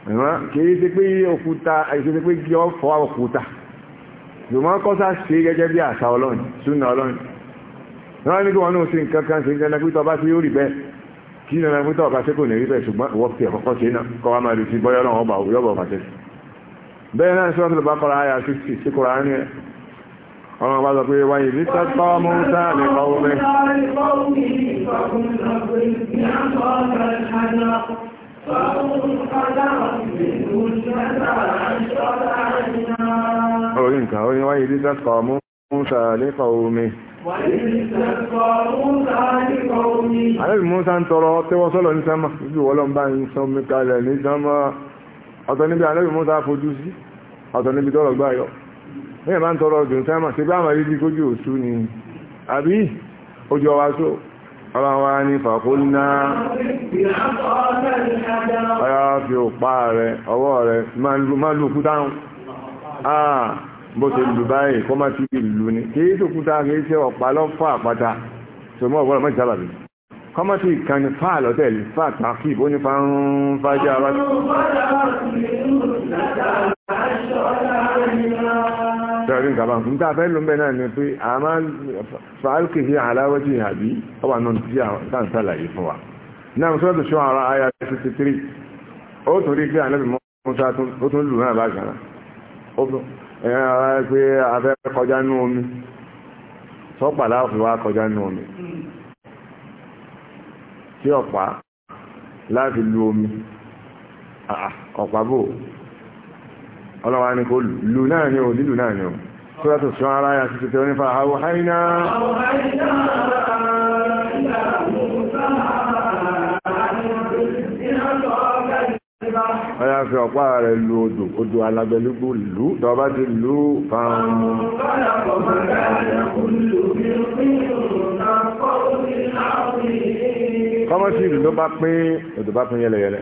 ìwọ́n kìí ṣe pé òkúta àìṣẹ́ṣe pé kí ọ fọ́ òkúta ṣùgbọ́n kọ́sá ṣe gẹ́gẹ́ bí àṣà ọlọ́run súnà ọlọ́run wọ́n ní kí wọ́n náà ṣe nǹkan kan ṣe nǹkan pítọ́ bá ṣe yóò rí bẹ́ẹ̀ kí nǹkan pítọ́ ọ̀ká ṣe kò ní rí bẹ́ẹ̀ ṣùgbọ́n ìwọ́ Orí nǹkan orí wáyé rí sẹ́kọ̀ mú Músa lẹ́kọ̀ omi. Àlẹ́bì Músa ń tọrọ tẹ́wọ́ sọ́lọ̀ ní sánmà, ibi wọ́lọ́ ń bá ń sán mi kalẹ̀ ní sánmà. Ọ̀tọ̀ níbi àlẹ́bì Músa fojú sí, ọ̀tọ̀ níbi tọrọ gbá yọ. Mẹ́yẹ̀ bá ń tọrọ jù sánmà, ṣe bá àmà bí kójú òṣù ni. Àbí, ojú ọwá sóò ọlọ́wà ní fàkúnná ọ̀yá fi òpá rẹ̀ ọwọ́ rẹ̀ má lù kú dáhùn àà bó ṣe lù báyìí kọ́ má ti ìlú ni kìí tó kú dáhùn kìí ṣe ọ̀pá lọ́fà àpáta tó mọ́ ọ̀gbọ́n mọ́jì sábàbí kọ́ má ti ìkànnì fáà lọ́tẹ̀lì fáà tàkì náà rí nǹkan bá ń tà fẹ́ ló ń bẹ náà ni pé a máa fàálkì sí aláwọ́jì àbí ọwà náà tí a tàn sàlàyé fún wa náà sọ́dọ̀ ṣọ́ ara aya 63 ó torí pé ànábì Mùsá ó tún lù náà bákan náà pé a fẹ́ kọjá nú omi sọ́pà láàfin wá ọlọ́wà ní kò lù náà ní o lílù náà ní o سورة الشعراء يا ستتوني فأوحينا أوحينا إلى موسى Ọya fi ọ̀pá rẹ̀ lu odò, odò alágbẹ̀lúgbò lú, tọba ti lú fàún. Kọ́mọ́sí ìlú ló bá pín odò bá pín yẹlẹyẹlẹ.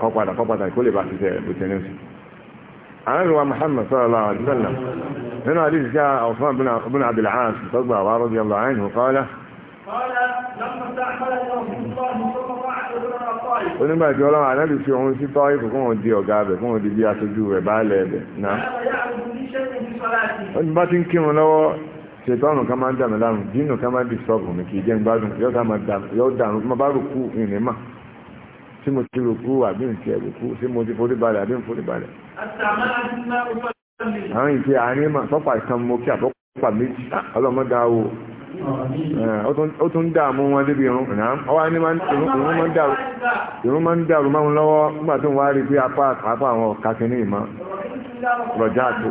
kọ́ padà kọ́ padà kó lè bá ti tẹ̀ bùtẹ́ni sí. عن محمد صلى الله عليه وسلم هنا حديث جاء عثمان بن بن عبد العاص تطبع رضي الله عنه قال قال لما استعملت رسول الله صلى الله عليه وسلم onígbà tí ọlọ́run ànábì fi òun sí tọ́yì kò kóhun di ọ̀gá rẹ̀ kóhun di bí aṣojú rẹ̀ báálẹ̀ ẹ̀bẹ̀ náà wọ́n bá ti ń kírun lọ́wọ́ ṣètọ́nù kan máa ń dàmì láàrùn dínú kan máa ń dì sọ́ọ̀bù mi kì í jẹ́ ń gbádùn yóò dàrú má bá rò kú ìrìn tí mo ti rùkú àbí n ti ẹ̀rùkú tí mo ti forí balẹ̀ àbí n forí balẹ̀. àwọn ìṣe àárín mà sọ́pà ìkan mo kí àtọ́pà méjì ah, ọlọ́mọdá o eh, ó tún dààmú wọn débi irun ọwọ́ ni irun máa ń dàrú máa ń lọ́wọ́ nígbà tó ń wá rí pé apá apá àwọn ọ̀ka kìíní ìmọ̀ rọ̀já àtò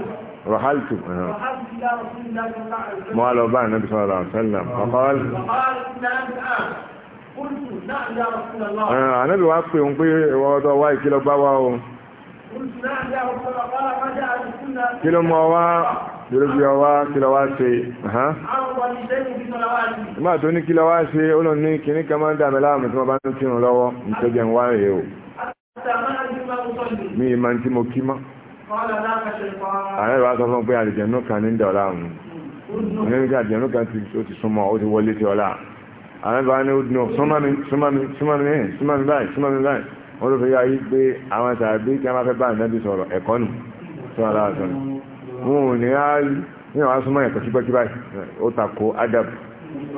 rọ̀háltù eh. mọ́ àlọ́ bá ànábì sọ́ra ọ̀sẹ́lẹ̀ ọ̀kọ́ọ́lù. Ànábì wa pè ń pé ìwọ ọ̀dọ̀ wa ìkìlọ̀ gbá wa o. Kí ló mọ wá? Yorùbá yọ wá kí lọ wá ṣe. Nígbà tó ní kí lọ wá ṣe, ó lọ ní kíní kan máa ń dàmí láàmú tí wọ́n bá ń kírun lọ́wọ́, ìtọ́jú ẹ̀ ń wá rèé o. Mi ìmọ̀ tí mo kí mọ́. Ààrẹ wa sọ fún pé àlìjẹ̀nú kan ní ń dà ọ́ láàmú. Onígbà àlìjẹ̀nú kan ti súnmọ́, ó àmẹ́bàá ní odùn náà súnmọ́mí súnmọ́mí súnmọ́mí ẹ̀ eh, súnmọ́mí báyìí súnmọ́mí báyìí wọ́n ló fi yá yí pé àwọn tàbí kí a máa fẹ́ bá ìnábì sọ̀rọ̀ ẹ̀kọ́ nù sọ́nà aláàtọ̀ wọn ò ní á ní àwọn súnmọ́ ẹ̀kọ́ sípẹ́kí báyìí ó tako adab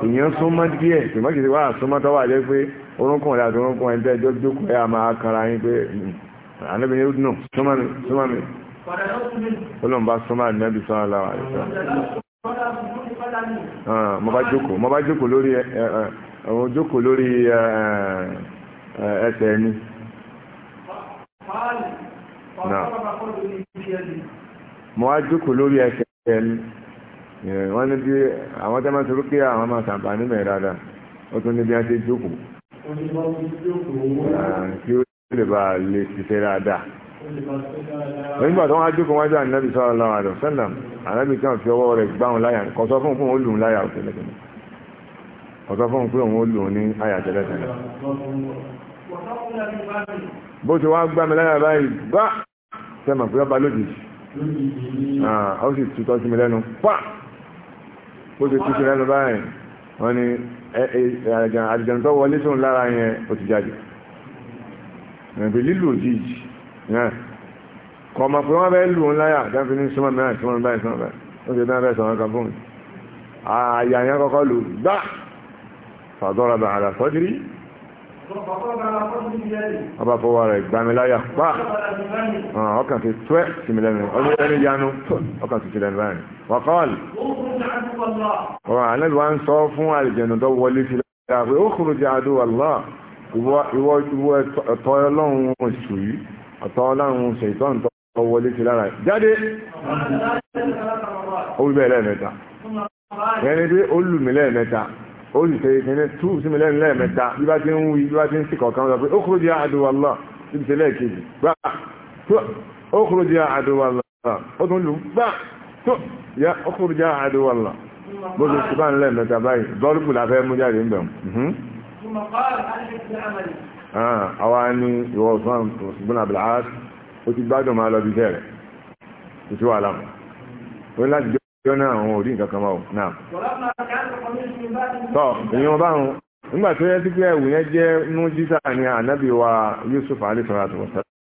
ìyẹn súnmọ́ díẹ̀ ṣùgbọ́n kì í wá súnmọ́ tó wà jẹ́ pé orúnkún rẹ̀ àti orúnkún ẹ̀ńtẹ́ ẹjọ́ jókòó ẹ̀ máa kara yín pé hmm. ànábì ní odùn náà súnmọ́mí súnmọ́mí ọlọ́run bá súnmọ́ ànábì sọ́nà aláàtọ̀ Ah, mo bá jókòó mo bá jókòó lórí eh, eh, eh, mo jókòó lórí ẹsẹ̀ mi. mo wá jókòó lórí ẹsẹ̀ mi wọ́n ní bí àwọn tẹ́ máa ń sọ pé àwọn máa ṣàǹfààní mẹ́rin dáadáa ó tún ní bí wọ́n ṣe jókòó ah, kí ó lè bá lè ṣiṣẹ́ dáadáa nígbà tó wọ́n á jókòó wájú ànábì sallallahu alaihi wasallam ànábì kan fi ọwọ́ rẹ̀ gbáhùn láyà kò sọ fún òun olùn láyà òtẹ́lẹ̀tẹ́lẹ̀ kò sọ fún pé òun olùn ní àyà tẹ́lẹ̀tẹ́lẹ̀ bó ti wá gbá mi láyà báyìí bá tẹ́mọ̀ pé ọba lójijì ó sì tutọ́ sí mi lẹ́nu pa bó ti tutù lẹ́nu báyìí wọ́n ní àjẹjẹ̀ntọ́ wọlé sóun lára yẹn ó ti jáde ẹ̀bẹ̀ lílò òjijì kọ̀ọ̀mà pé wọ́n bẹ́ẹ̀ lù ú láyà dáńfí ní súnmọ́ mẹ́rin tí wọ́n báyìí súnmọ́ báyìí ó ti dáńfẹ́ sọ̀rọ̀ kan fún mi àyà yẹn kọ́kọ́ lù gbá fàdọ́rà bẹ̀ àlà sọ́jírí ọba fọwọ́ rẹ̀ gbami láyà pa ọkàn fi tuẹ́ sí mi lẹ́nu ọdún ẹni yanu ọkàn fi ti lẹ́nu báyìí wàkọ́ọ̀lù ọ̀rọ̀ àlẹ́ wa ń sọ fún àlìjẹ̀nù ọ̀tọ́ ọlọ́run ṣètọ́n tó wọlé ti lára jáde olùbẹ̀ lẹ́ẹ̀mẹ́ta ẹni pé olùmí lẹ́ẹ̀mẹ́ta ó sì ṣe ìpínlẹ̀ tú sí mi lẹ́ẹ̀mẹ́ta bí bá ti ń wí bí bá ti ń sì kọ̀ọ̀kan lọ pé ó kúrò di àdúwàlá níbi ṣe lẹ́ẹ̀kejì gbà ó kúrò di àdúwàlá ó tún ti ṣe bá ń lẹ́ẹ̀mẹ́ta báyìí bọ́ọ̀lù Ah, àwa ní ìwọ̀ Usman ibn Abdul Aas ó ti gbádùn máa lọ bí iṣẹ́ rẹ̀ kò sí wàhálà mọ́ ó ní láti jọ náà àwọn òrí nǹkan kan máa wò náà. tọ́ èèyàn bá wọn nígbà tó yẹ sí pé ẹ̀wù yẹn jẹ́ nú jísà ní ànábì wa Yusuf alayhi salatu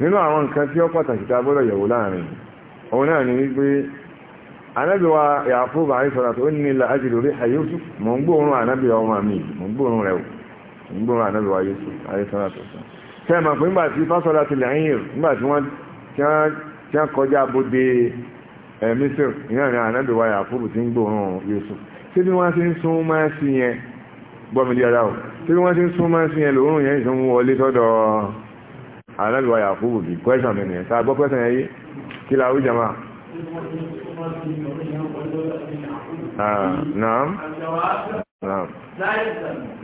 nínú àwọn nǹkan tí ó pàtàkì tá gbọ́dọ̀ yẹ̀wò láàrin òun náà ni wípé anábìwa Yàkúbù àìsọ̀rọ̀ tó ní ilẹ̀ ajìlò rí àyóṣù mò ń gbóòórùn anábìwa ọmọ mi mò ń gbóòórùn rẹ̀ mò ń gbóòórùn anábìwa Yúsúfù àìsọ̀rọ̀ tó sọ tẹ́ẹ̀mà pé nígbà tí fásọ̀rọ̀ ti lẹ̀ ẹ̀yìn nígbà tí wọ́n tí wọ́n kọjá bodè Mísírì ìyá ni anábìwa Yàkúbù ti ń gbóòórùn Yúsúfù tí bí wọ́n ti ń sún máa sí yẹn gbọ́mìlì tí bí wọ́n ti ń sún máa sí yẹn lòórùn yẹn ìṣòwò wọlé àlẹ́lùwà yàkúbù bí kwẹ́sàn mi nìyẹn tá a gbọ́ kwẹ́sàn yẹn yé kí la wí jama. Ah, naam naam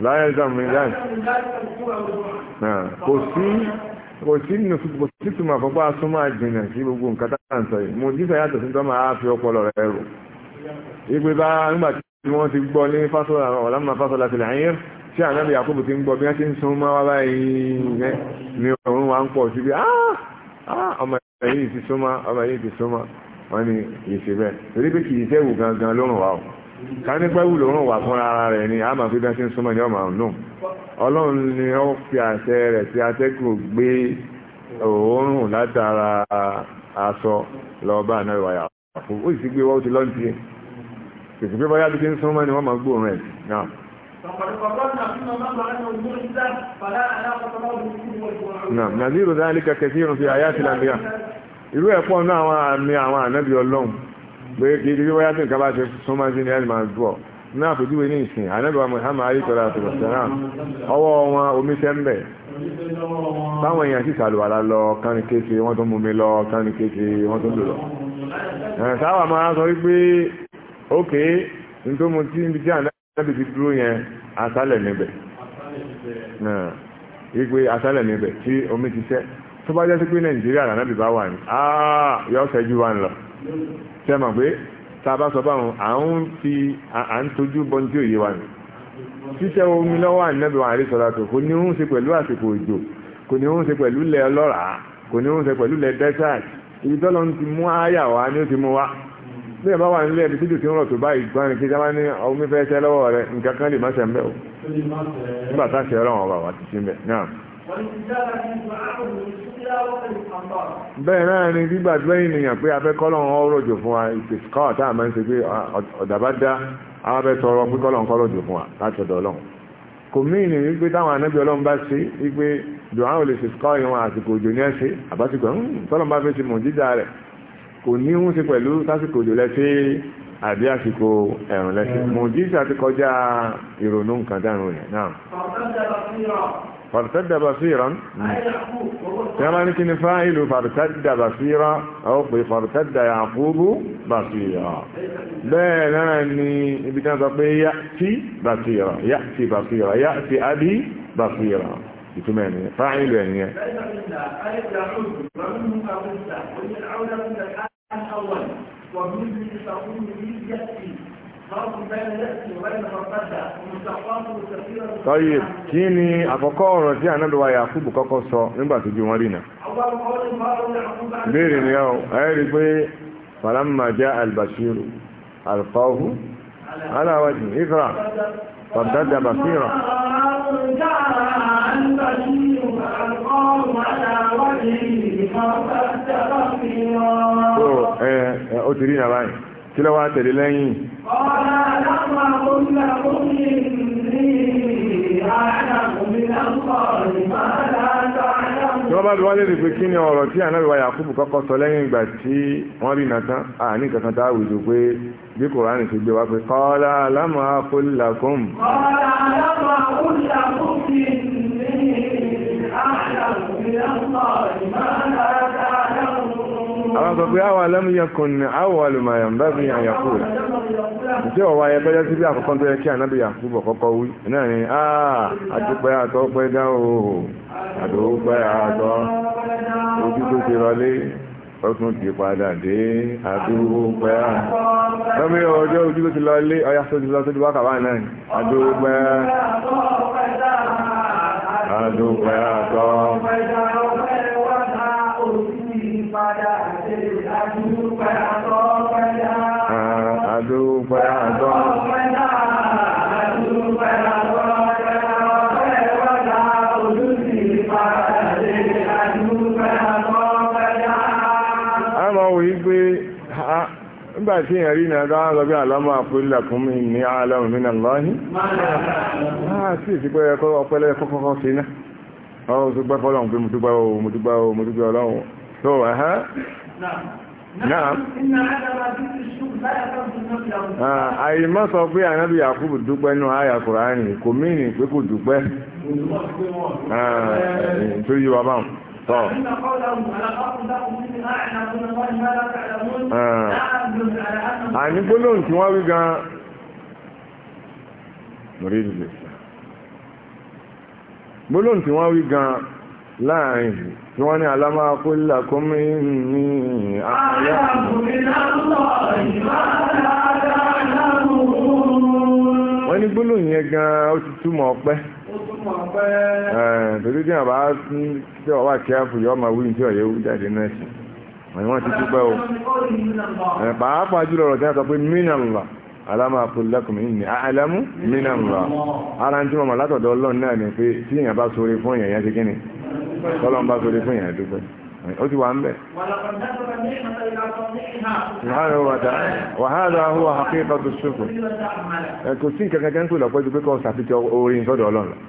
láyé ìsàmì láyé ah, kò sí kò sí nínú kò sí túmọ̀ àfọ́pá súnmọ́ àjìnà sí gbogbo nǹkan tá à ń sọ yìí mo jísà yàtọ̀ sí tọ́mà á fi ọpọlọ rẹ̀ rò ìgbé bá wọ́n ti gbọ́ ní fásọlá ọ̀làmà fásọlá tìlẹ̀ ayé tí ànábì àkóbò ti ń gbọ́ bí wọ́n ti ń sun mọ́ wá báyìí ní òun wa ń pọ̀ síbi ọmọ yìí ti súnmọ́ ọmọ yìí ti súnmọ́ wọ́n ní ìṣe bẹ́ẹ̀ torí pé kì í sẹ́wù gangan ló rùn o ká nípa ìwù ló rùn fún ara rẹ̀ ni àmọ́ pé bí wọ́n ti ń súnmọ́ ní ọmọ ọ̀hún nù ọlọ́run ni ó fi àṣẹ rẹ̀ sí atẹ́kùn gbé òórùn látara aṣọ lọ́ọ́bà náà wà yà fún ó sì gbé wọ́n ti lọ́ntì ni wọ́n máa نعم نذير ذلك كثير في آيات الأنبياء irú ẹ̀pọ̀ náà àwọn àmì àwọn ànábì ọlọ́run pé kìí kí wáyá tí nǹkan bá ṣe súnmọ́ sí ní ẹ̀lìmọ̀ àdúgbò náà fòjúwe ní ìsìn ànábì wa Muhammad ali tọ́lá àti wàsánà ọwọ́ wọn omi tẹ́ ń bẹ̀ báwọn èèyàn sì sàlùwàlá lọ kánni kéṣe wọ́n tó mumi lọ kánni kéṣe wọ́n tó lò lọ. sáwà máa sọ wípé ókè nítorí mo ti ń bi tí àná tẹ́bi fi dúró yẹn asálẹ̀ níbẹ̀ náà asálẹ̀ níbẹ̀ tí omi ti sẹ́ tó bá jẹ́ sí pé nàìjíríà lànà bìbá wà ní yọ sẹ́jú wa ń lọ tẹ́ mọ̀ pé tá a bá sọ báwọn à ń fi à ń tójú bọ́ ní tí òye wa ní títẹ́ omi lọ́wọ́ ànábì wa àrí sọ̀rọ̀ tó kò ní ń ṣe pẹ̀lú àsìkò òjò kò ní ń ṣe pẹ̀lú ilẹ̀ ọlọ́ràá kò ní ń ṣe pẹ̀lú ilẹ̀ desert bí ẹ bá wà nílé ẹbí títù tí ń rọ̀ tó báyìí gbọ́n ní kíkà máa ní ọmọ mi fẹ́ ṣẹ́ lọ́wọ́ rẹ nǹkan kan lè má ṣe ń bẹ́ o nígbà tá ṣe ọlọ́run ọba wa ti ṣe ń bẹ̀ náà. bẹ́ẹ̀ náà ni gbígbà tí lẹ́yìn ènìyàn pé afẹ́ kọ́lọ́run ọ̀rọ̀ jò fún wa ìpèsíkọ́ tá a máa ń ṣe pé ah, ọ̀dà bá dá àwọn abẹ́ tọrọ pé kọ́lọ́run kọ́lọ́ jò fún wa láti ọ̀dọ̀ ọlọ́run kò míìnì wípé táwọn anábì ọlọ́run bá ṣe wípé dùn àwọn olè ṣe kọ́ ìwọn kò ní ń ṣe pẹ̀lú sásìkò òjò lẹ́sẹ̀ àbí àsìkò ẹ̀rùn lẹ́sẹ̀ mọ̀jísà ti kọjá ìrònú nǹkan dànù rẹ̀ náà. فارتد بصيرا كما يمكن فاعل فارتد بصيرا او فارتد يعقوب بصيرا بلاني بدنا تطبيق يأتي بصيرا يأتي بصيرا يأتي أبي بصيرا بتمانية فاعل يعني الأول ومن تقوم به يأتي tọ́yì kí ni àkọ́kọ́ ọ̀rọ̀ tí ànábẹ̀wà yàkúbù kọ́kọ́ sọ nígbà tó ju wọn rí náà béèrè ni ọ́ ẹ̀rí pé falamma já albashiru alfahu aláwájú ikra fàbdádà basira alfahu aláwájú ikra ó ti rí nàbá yìí kí ló wá tẹ̀lé lẹ́yìn. tí wọ́n bá bí wọ́n lè rí pé kí ni ọ̀rọ̀ tí ànábì wa Yakubu kọ́kọ́ sọ lẹ́yìn ìgbà tí wọ́n rí nàtán àní kankan tá a pé bí Kùránì ti gbé wá ma àwọn sọ pé àwọn alámúyẹkùn ní àwọ̀ alùmọ̀yàn bá fi hàn yàkú rẹ̀ tí ọ̀wá ayẹ bẹ́jẹ́ sí bí àkọ́kọ́ tó yẹ kí ànábì yàkúbọ̀ kọ́kọ́ wí náà ni àà àtúpẹ́ àtọ́pẹ́ dá oòrùn àdóòpẹ́ àtọ́ ojú tó ti rọlé ọtún ti padà dé àdóòpẹ́ àtọ́pẹ́ ọjọ́ ojú tó ti lọlé ọyá sójú lọ sójú wákàwá náà àdóòpẹ́ àtọ́pẹ́ àtọ́pẹ́ nígbà tí yẹn rí náà dáwọn lọ bí àlọ́mọ́ àpòlìlà fún mi ní àlọ́mọ́ mi náà lọ́yìn máa sí ìsìnkú ẹ̀kọ́ ọpẹ́lẹ́ kọ́kọ́kọ́ sí iná ọ̀rọ̀ tó gbẹ́fọ́lọ́hùn pé mo dúgbà ó mo dúgbà ó mo dúgbà ọlọ́run tó ẹ̀hán Naam. Ah, Àìmọ́ sọ pé ànábì Yakubu dúpẹ́ nù àyà Kùránì kò mìíràn pé kò dúpẹ́. Ah, tó yí wa bá wọn. Tọ́. Ah, àní gbólóhùn tí wọ́n gan-an. Gbólóhùn tí wọ́n gan-an yìí. tí wọ́n ní alámá kúlà kúmí ní àyà wọ́n ní gbólò yẹn gan ó ti túmọ̀ ọpẹ́ torí tí àbá tí ọwà kí á fòyọ́ ọmọ wí tí ọ̀yẹ́ wú jáde náà sí wọ́n ti túpẹ́ o pàápàá jùlọ ọ̀rọ̀ tí wọ́n sọ pé mínàlá alama akulakum inni a'lamu ara ń tí mo mọ̀ látọ̀dọ̀ ọlọ́run náà pé tí èèyàn bá sórí fún èèyàn yẹn ti kí tọ́lọ́n bá fèrè fún yẹn dúpẹ́ ó ti wà ń bẹ̀. wàhálà àwọn àkíkà tó ṣòfò kò sí nǹkan kankan tó lọ́pọ̀ ju pé kọ́ sàfihàn orin sọ́dọ̀ ọlọ́run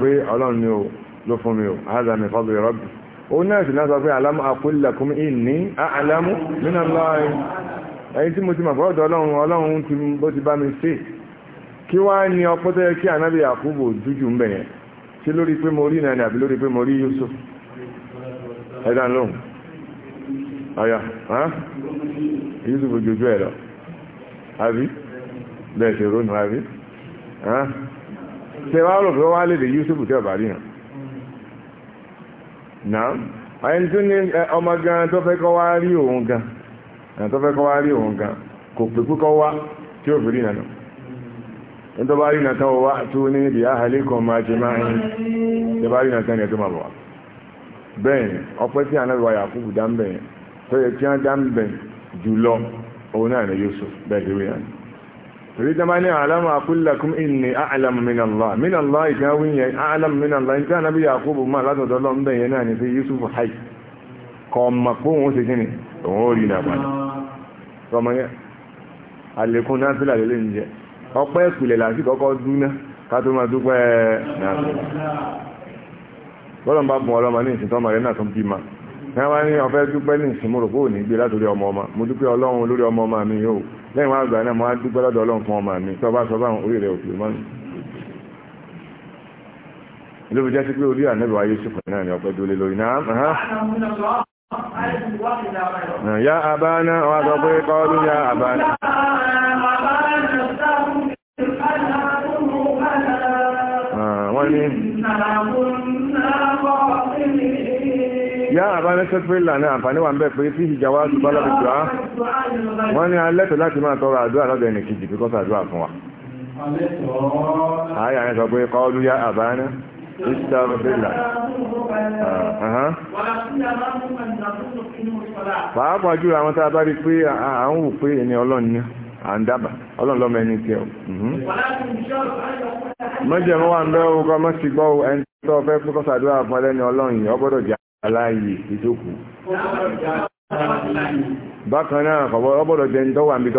pé ọlọ́run ni ó ló fún mi ó hádà mi fọ́dọ̀ ìrọ́bì òun náà sì lásọ pé alámù àkúlẹ̀kùn ìní àlámù nínú ọlọ́run ẹ̀yìn tí mo ti mọ̀ fọ́dọ̀ ọlọ́run ọlọ́run bó ti bá mi sí kí wá ní ọpọ́tẹ́ kí ànábì àkúbò jújù ń bẹ̀yẹn ṣe lórí pé mo rí nàní àbí lórí pé mo rí Yusuf ẹ̀dá lóhùn ọ̀yà Yusuf ojojú ẹ̀ lọ àbí bẹ́ẹ̀ ṣe rónú àbí ṣe wá rò pé wá lè dé Yusuf tí ọ̀bà rí hàn náà ẹni tó ní ọmọ gan tó fẹ́ kọ́ wá rí òun gan tó fẹ́ kọ́ wá rí òun gan kò pè púpọ̀ wá tí ó fi rí nàní tó bá rí nàtán wà tó ní ibi ahàlẹ́kùn máa ti máa ń tó bá rí nàtán ní ẹ̀tọ́ máa bọ̀ bẹ́ẹ̀ ọpẹ́ tí àná ìwà Yakubu dá ń bẹ̀ tó yẹ kí wọ́n dá ń bẹ̀ jùlọ òun náà ní Yusuf bẹ́ẹ̀ ti rí yẹn torí tá máa ní àlámù àkúlẹ̀kùn ìní àlámù mìnàlá mìnàlá ìtàwí yẹn àlámù mìnàlá ní tí àná bí Yakubu máa látọ̀dọ̀ lọ ń bẹ̀ fi Yusuf haì kọ́ ọmọ pé òun ṣe kí ni òun ó rí nàpàdà tọmọ yẹn àlékún náà sílẹ̀ lélẹ́yìn ọpẹ́ ìpìlẹ̀ làásì kọ́kọ́ dúná ká tó máa dúpẹ́ náà bọ́lọ̀ bá bùn ọlọ́mọ ní ìsìntọ́ màrí náà tó ń bí ma náà wá ní ọ̀fẹ́ dúpẹ́ ní ìsìn mòrò kó ní gbé látòrí ọmọ ọmọ mo dúpẹ́ ọlọ́run lórí ọmọ ọmọ mi yóò lẹ́yìn wá gbà náà mo á dúpẹ́ lọ́dọ̀ ọlọ́run fún ọmọ mi tó bá sọ bá orí rẹ̀ òkè mọ́ ni. ló fi jẹ́ sí pé orí ànábì wa Yusuf náà ni ọpẹ́ dúlé lórí náà. ya abana wa sọ pé kọ́ọ́lù ya abana. Ah, wọ́n ní yá àbálẹ́sẹ́ pé ìlànà àǹfààní wà ń bẹ̀ pé tí ìjà wá dùbá lọ́dún tó á wọ́n ní alẹ́tọ̀ láti máa tọrọ àdúrà lọ́dọ̀ ẹnì kejì pé kọ́sà àdúrà fún wa ààyà yẹn sọ pé kọ́ọ́dú yá àbáná ìsàbẹ̀lá ah, uh-huh. pàápàá jùlọ àwọn àndábà ọlọ́ọ̀lọ́mọ ẹni tí ọ. Mhm. mọ́jẹ̀mú wà ń bẹ́ ọkọ̀ mọ́ sí gbọ́ ẹni tó fẹ́ fúkọ́ àdúrà fún ẹlẹ́ni Ọlọ́yin, ó jẹ́ aláàyè ìjókòó. bákan náà ó gbọ́dọ̀ jẹ́ ní tọ́wà níbi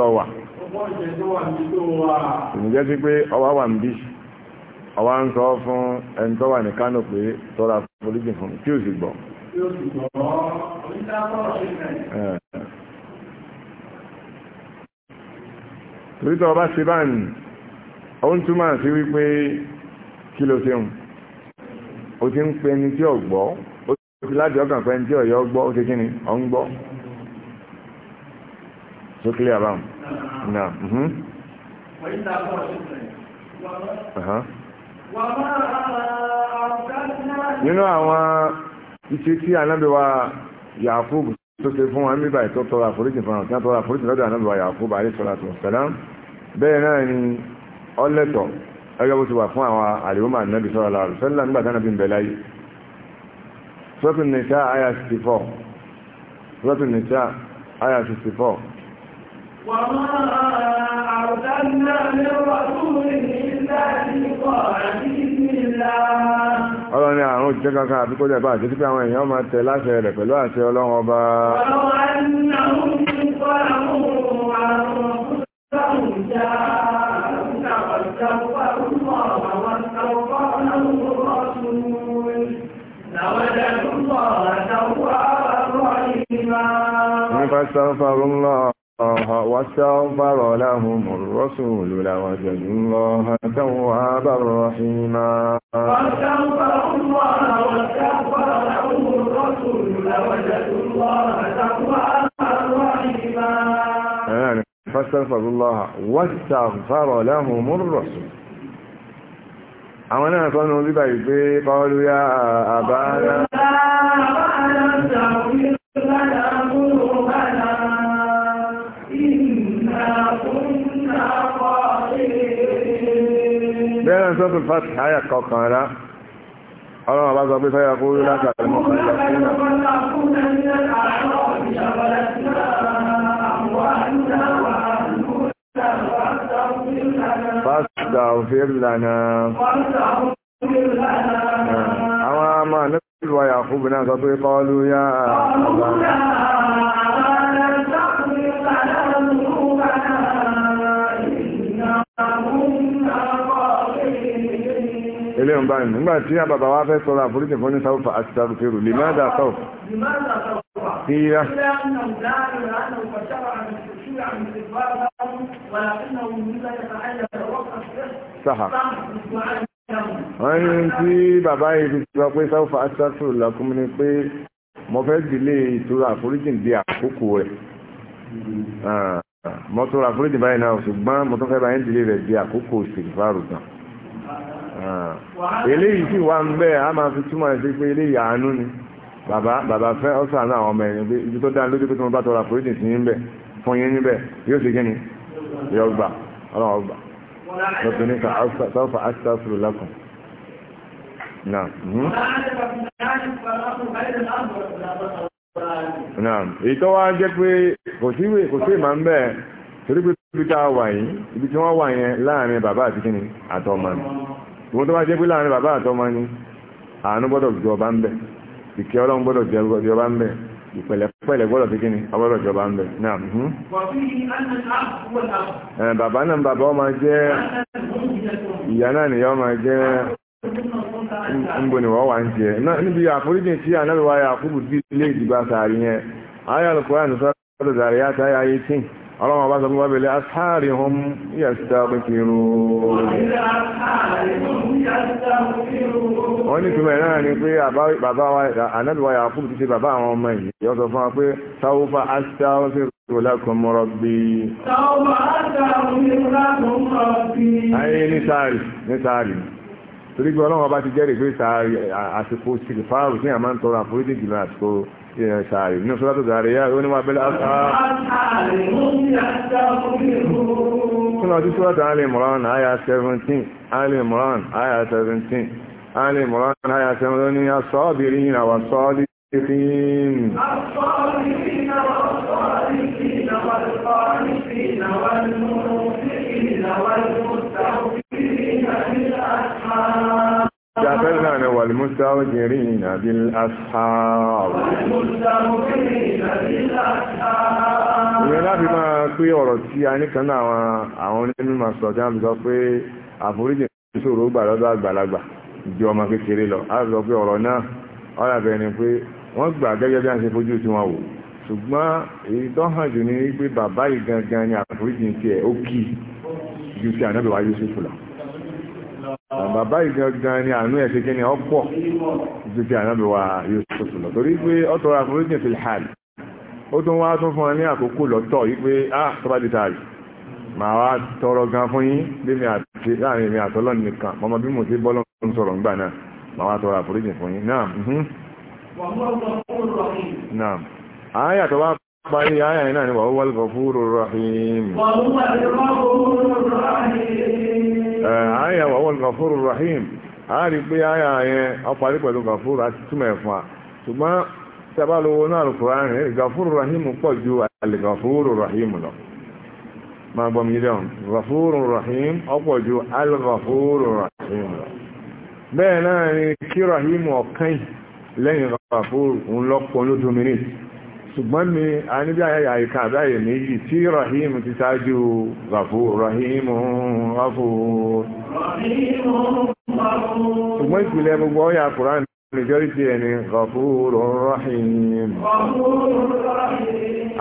sí wà ń sọ fún ẹni ní Kánò pé fún torí tọ́ bá ṣe báyìí ó ń túmọ̀ sí wípé kí ló ṣeun ó ti ń pe ẹni tí ò gbọ́ ó ti láti ọkàn pé ẹni tí ọ̀yọ́ gbọ́ ó ti kí ni ọ̀ ń gbọ́ so clear about na mhm nínú àwọn iṣẹ́ tí anábíwa Yàkúbù tó ṣe fún wọn nígbà ìtọ́tọ́ àforíjì fún àwọn tí wọ́n tọ́ra àforíjì lọ́dọ̀ anábíwa Yàkúbù àríṣọ́lá tó sẹ́lẹ̀ bẹ́ẹ̀ náà ni ọlẹ́tọ̀ ẹgbẹ́ bó ti wà fún àwọn àríwọ́mà nàbí sọ́rọ̀ láàrù sọ́lá nígbà tánà bí ń bẹ láyé sọ́tún nìṣá àyà 64 sọ́tún nìṣá àyà 64 wọ́n máa àrùdá náà ní rọ̀tún ọlọ́run ni àrùn òjìjẹ́ kankan àbí kó jẹba àti títí àwọn èèyàn máa tẹ láṣẹ rẹ̀ pẹ̀lú àṣẹ ọlọ́run ọba فاستغفر الله واستغفر لهم الرسول لوجد الله توابا رحيما الله واستغفر لهم الرسول لوجدوا الله توابا رحيما fásitàfàdúláà wàtàfàrọ̀ láhùn mọ́rọ̀sùn àwọn náà sọ́nà bíbà yìí pé pàwọ́lú yá àbára bẹ́ẹ̀rẹ̀ sọ́tù fásitì àyà kọkànlá ọlọ́run bá sọ pé fẹ́ yà kó rí látàrí mọ́kànlá Fáṣtàfír lana. Àwọn ọmọ nígbà Yakubu náà sọ pé Ilé ń bá nígbà tí a bàbá wá fẹ́ sọ́rọ̀ àforíjì fún ní Sáwọ́fà àti Sáwọ́fẹ́rù, lè máa dà Sáwọ́fà. Kí ولكنه مما يتعلم وقت صح wọ́n ní tí bàbá yìí fi sọ pé sáwọ́fà asásùrù lọ́kún ní pé mo fẹ́ dìlé ìtura àforíjìn di àkókò rẹ̀ ah, mo tọrọ àforíjìn báyìí náà ṣùgbọ́n mo tún fẹ́ báyìí dìlé rẹ̀ di àkókò ìṣèlúfàrù ah, eléyìí sì wà ń bẹ́ a máa fi túmọ̀ sí pé eléyìí àánú ni bàbá fẹ́ ọ̀sán àwọn ọmọ ẹ̀yìn yọgbà ọlọ́run ọgbà lọ́tún ní sọ́fà aṣáfìlú lẹ́kùn náà èyí tó wá jẹ́ pé kò sí ìmá ń bẹ́ẹ̀ torí pé ibi tá a wà yìí ibi tí wọ́n wà yẹn láàrin bàbá àti kíni àtọmọ ni ìwọ́n tó bá jẹ́ pé láàrin bàbá àtọmọ ni àánú gbọ́dọ̀ jọba ń bẹ̀ ìkẹ́ ọlọ́run gbọ́dọ̀ ìpẹ̀lẹ̀pẹ̀lẹ̀ gbọ́dọ̀ ti gíní agbọ́dọ̀ jọba ń bẹ̀ náà mú. bàbá náà bàbá ọmọ jẹ́ ìyá náà nìyá ọmọ jẹ́ ńgbóni wọ́n wà ń jẹ́ níbi àforíjì tí ànábìwá yà kúbù sí ilé ìdìbò àṣà yẹn ayélujára nìfẹ́ ọ̀dọ̀ zàrí àtàyà 18 ọlọ́wọ́n bá sọmọ́ wábẹ̀lẹ̀ asáàrí hùn yàtà pẹ̀kìrò wọ́n ní túnmẹ̀ náà ni pé bàbá wa ànábì wa Yàkúbù ti ṣe bàbá àwọn ọmọ yìí yọ́ sọ fún wa pé sáwọ́fà astaghfiru lakum rabbi sáwọ́fà astaghfiru lakum rabbi ayé ní sáàrí ní sáàrí sáré ní ọ̀sán látò sáré yá ó ní wà bẹ́lẹ̀ asáàrí kúnlọ̀ tí sọ́tà alì mọ̀rán àyà 17 alì mọ̀rán àyà 17 alì mọ̀rán àyà 17 ní asọ́bìrí ìràwà sọ́ọ́lì fíìm والمؤمنين والمستغفرين بالأسحار والمستغفرين بالأسحار ìyẹn láti máa pé ọ̀rọ̀ tí a ní kan náà àwọn onímọ̀ sọ tí wọ́n fi sọ pé àforíjì ìṣòro gbà lọ́dọ̀ àgbàlagbà ju ọmọ kékeré lọ a sọ pé ọ̀rọ̀ náà ọ̀rọ̀ àbẹ̀ ni pé wọ́n gbà gẹ́gẹ́ bí a ṣe fojú tí wọ́n wò ṣùgbọ́n èyí tó hàn jù ní pé bàbá yìí gangan ni àforíjì tiẹ̀ ó kì í ju ti ànábẹ̀wá Yúsúfù lọ bàbá ìgangan ni àánú ẹ̀ ṣe ni ọ̀pọ̀ ju ti ànábì wa Yusuf lọ torí pé ọ̀tọ̀ àforíjì fi hàn ó tún wá tún ọ ní àkókò lọ́tọ̀ yìí pé ah tó di tààrí màá wá tọrọ gan fún yín lémi àti láàrin èmi àtọ́lọ́ nìkan bí mo ti bọ́ lọ́n sọ̀rọ̀ ńgbà náà màá wá tọrọ àforíjì fún yín mhm. náà. náà àáyà wọ́n wọ́n àyà wa wọ́n gafuru rahim àárí pé àyà yẹn ọparí pẹ̀lú gafuru àti túmọ̀ ẹ̀fọn ṣùgbọ́n sábàlówó náà rahim pọ̀ ju gafuru rahim lọ máa gbọ́ mi dẹ́hùn rahim ọ̀pọ̀ ju gafuru rahim lọ bẹ́ẹ̀ náà ni kí rahim ọ̀kan lẹ́yìn ṣùgbọ́n mi a ní bí ayẹyẹ àyíká àbáyé méjì tí rahim ti ṣáájú gafur rahim gafur ṣùgbọ́n ìpìlẹ̀ gbogbo ọ̀yà Kùránì majority ẹni gafur rahim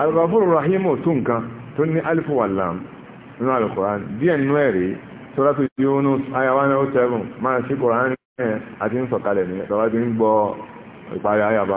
al-gafur rahim ò tún nǹkan tó ní alifu wàlám nínú al-Kùránì díẹ̀ nínú ẹ̀rí Suratu Yunus aya 107 máa sí Kùránì àti ń sọ̀kalẹ̀ ní ìtọ́wájú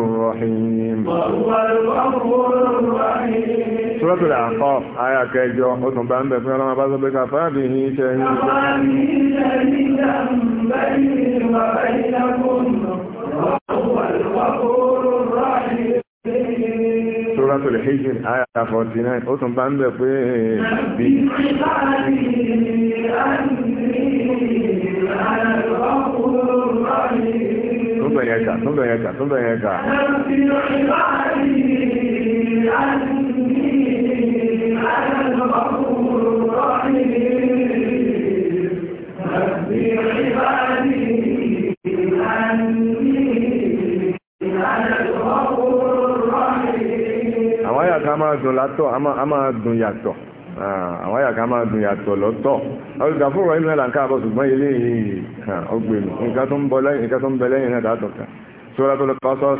الرحيم وهو الغفور الرحيم سورة الأعقاف آية كيجو أتم بأنبه في علامة بعض بكفى به شهيدا بيني وبينكم وهو الغفور الرحيم سورة الحجر آية 49 أتم بأنبه في بي أني أنا الغفور الرحيم tún bẹ̀rẹ̀ ẹ̀kà tún bẹ̀rẹ̀ ẹ̀kà tún bẹ̀rẹ̀ ẹ̀kà àwọn àyàká máa dùn látọ̀ a máa dùn yàtọ̀ àwọn àyàká máa dùn yàtọ̀ lọ́tọ̀ ọgbà fún ọ̀rọ̀ ìmìnira nǹkan àbọ̀ ṣùgbọ́n ilé ọgbẹ̀mù nǹkan tó ń bẹ lẹ́yìn náà dátọ̀ kan Suratul Qasas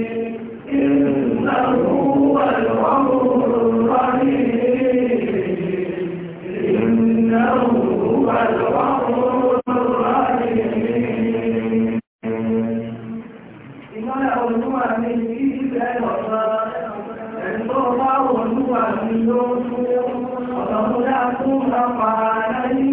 Ọ̀pọ̀ ọ̀pọ̀ àwọn olúwà ní ló ń fún ọ̀pọ̀ ọ̀pọ̀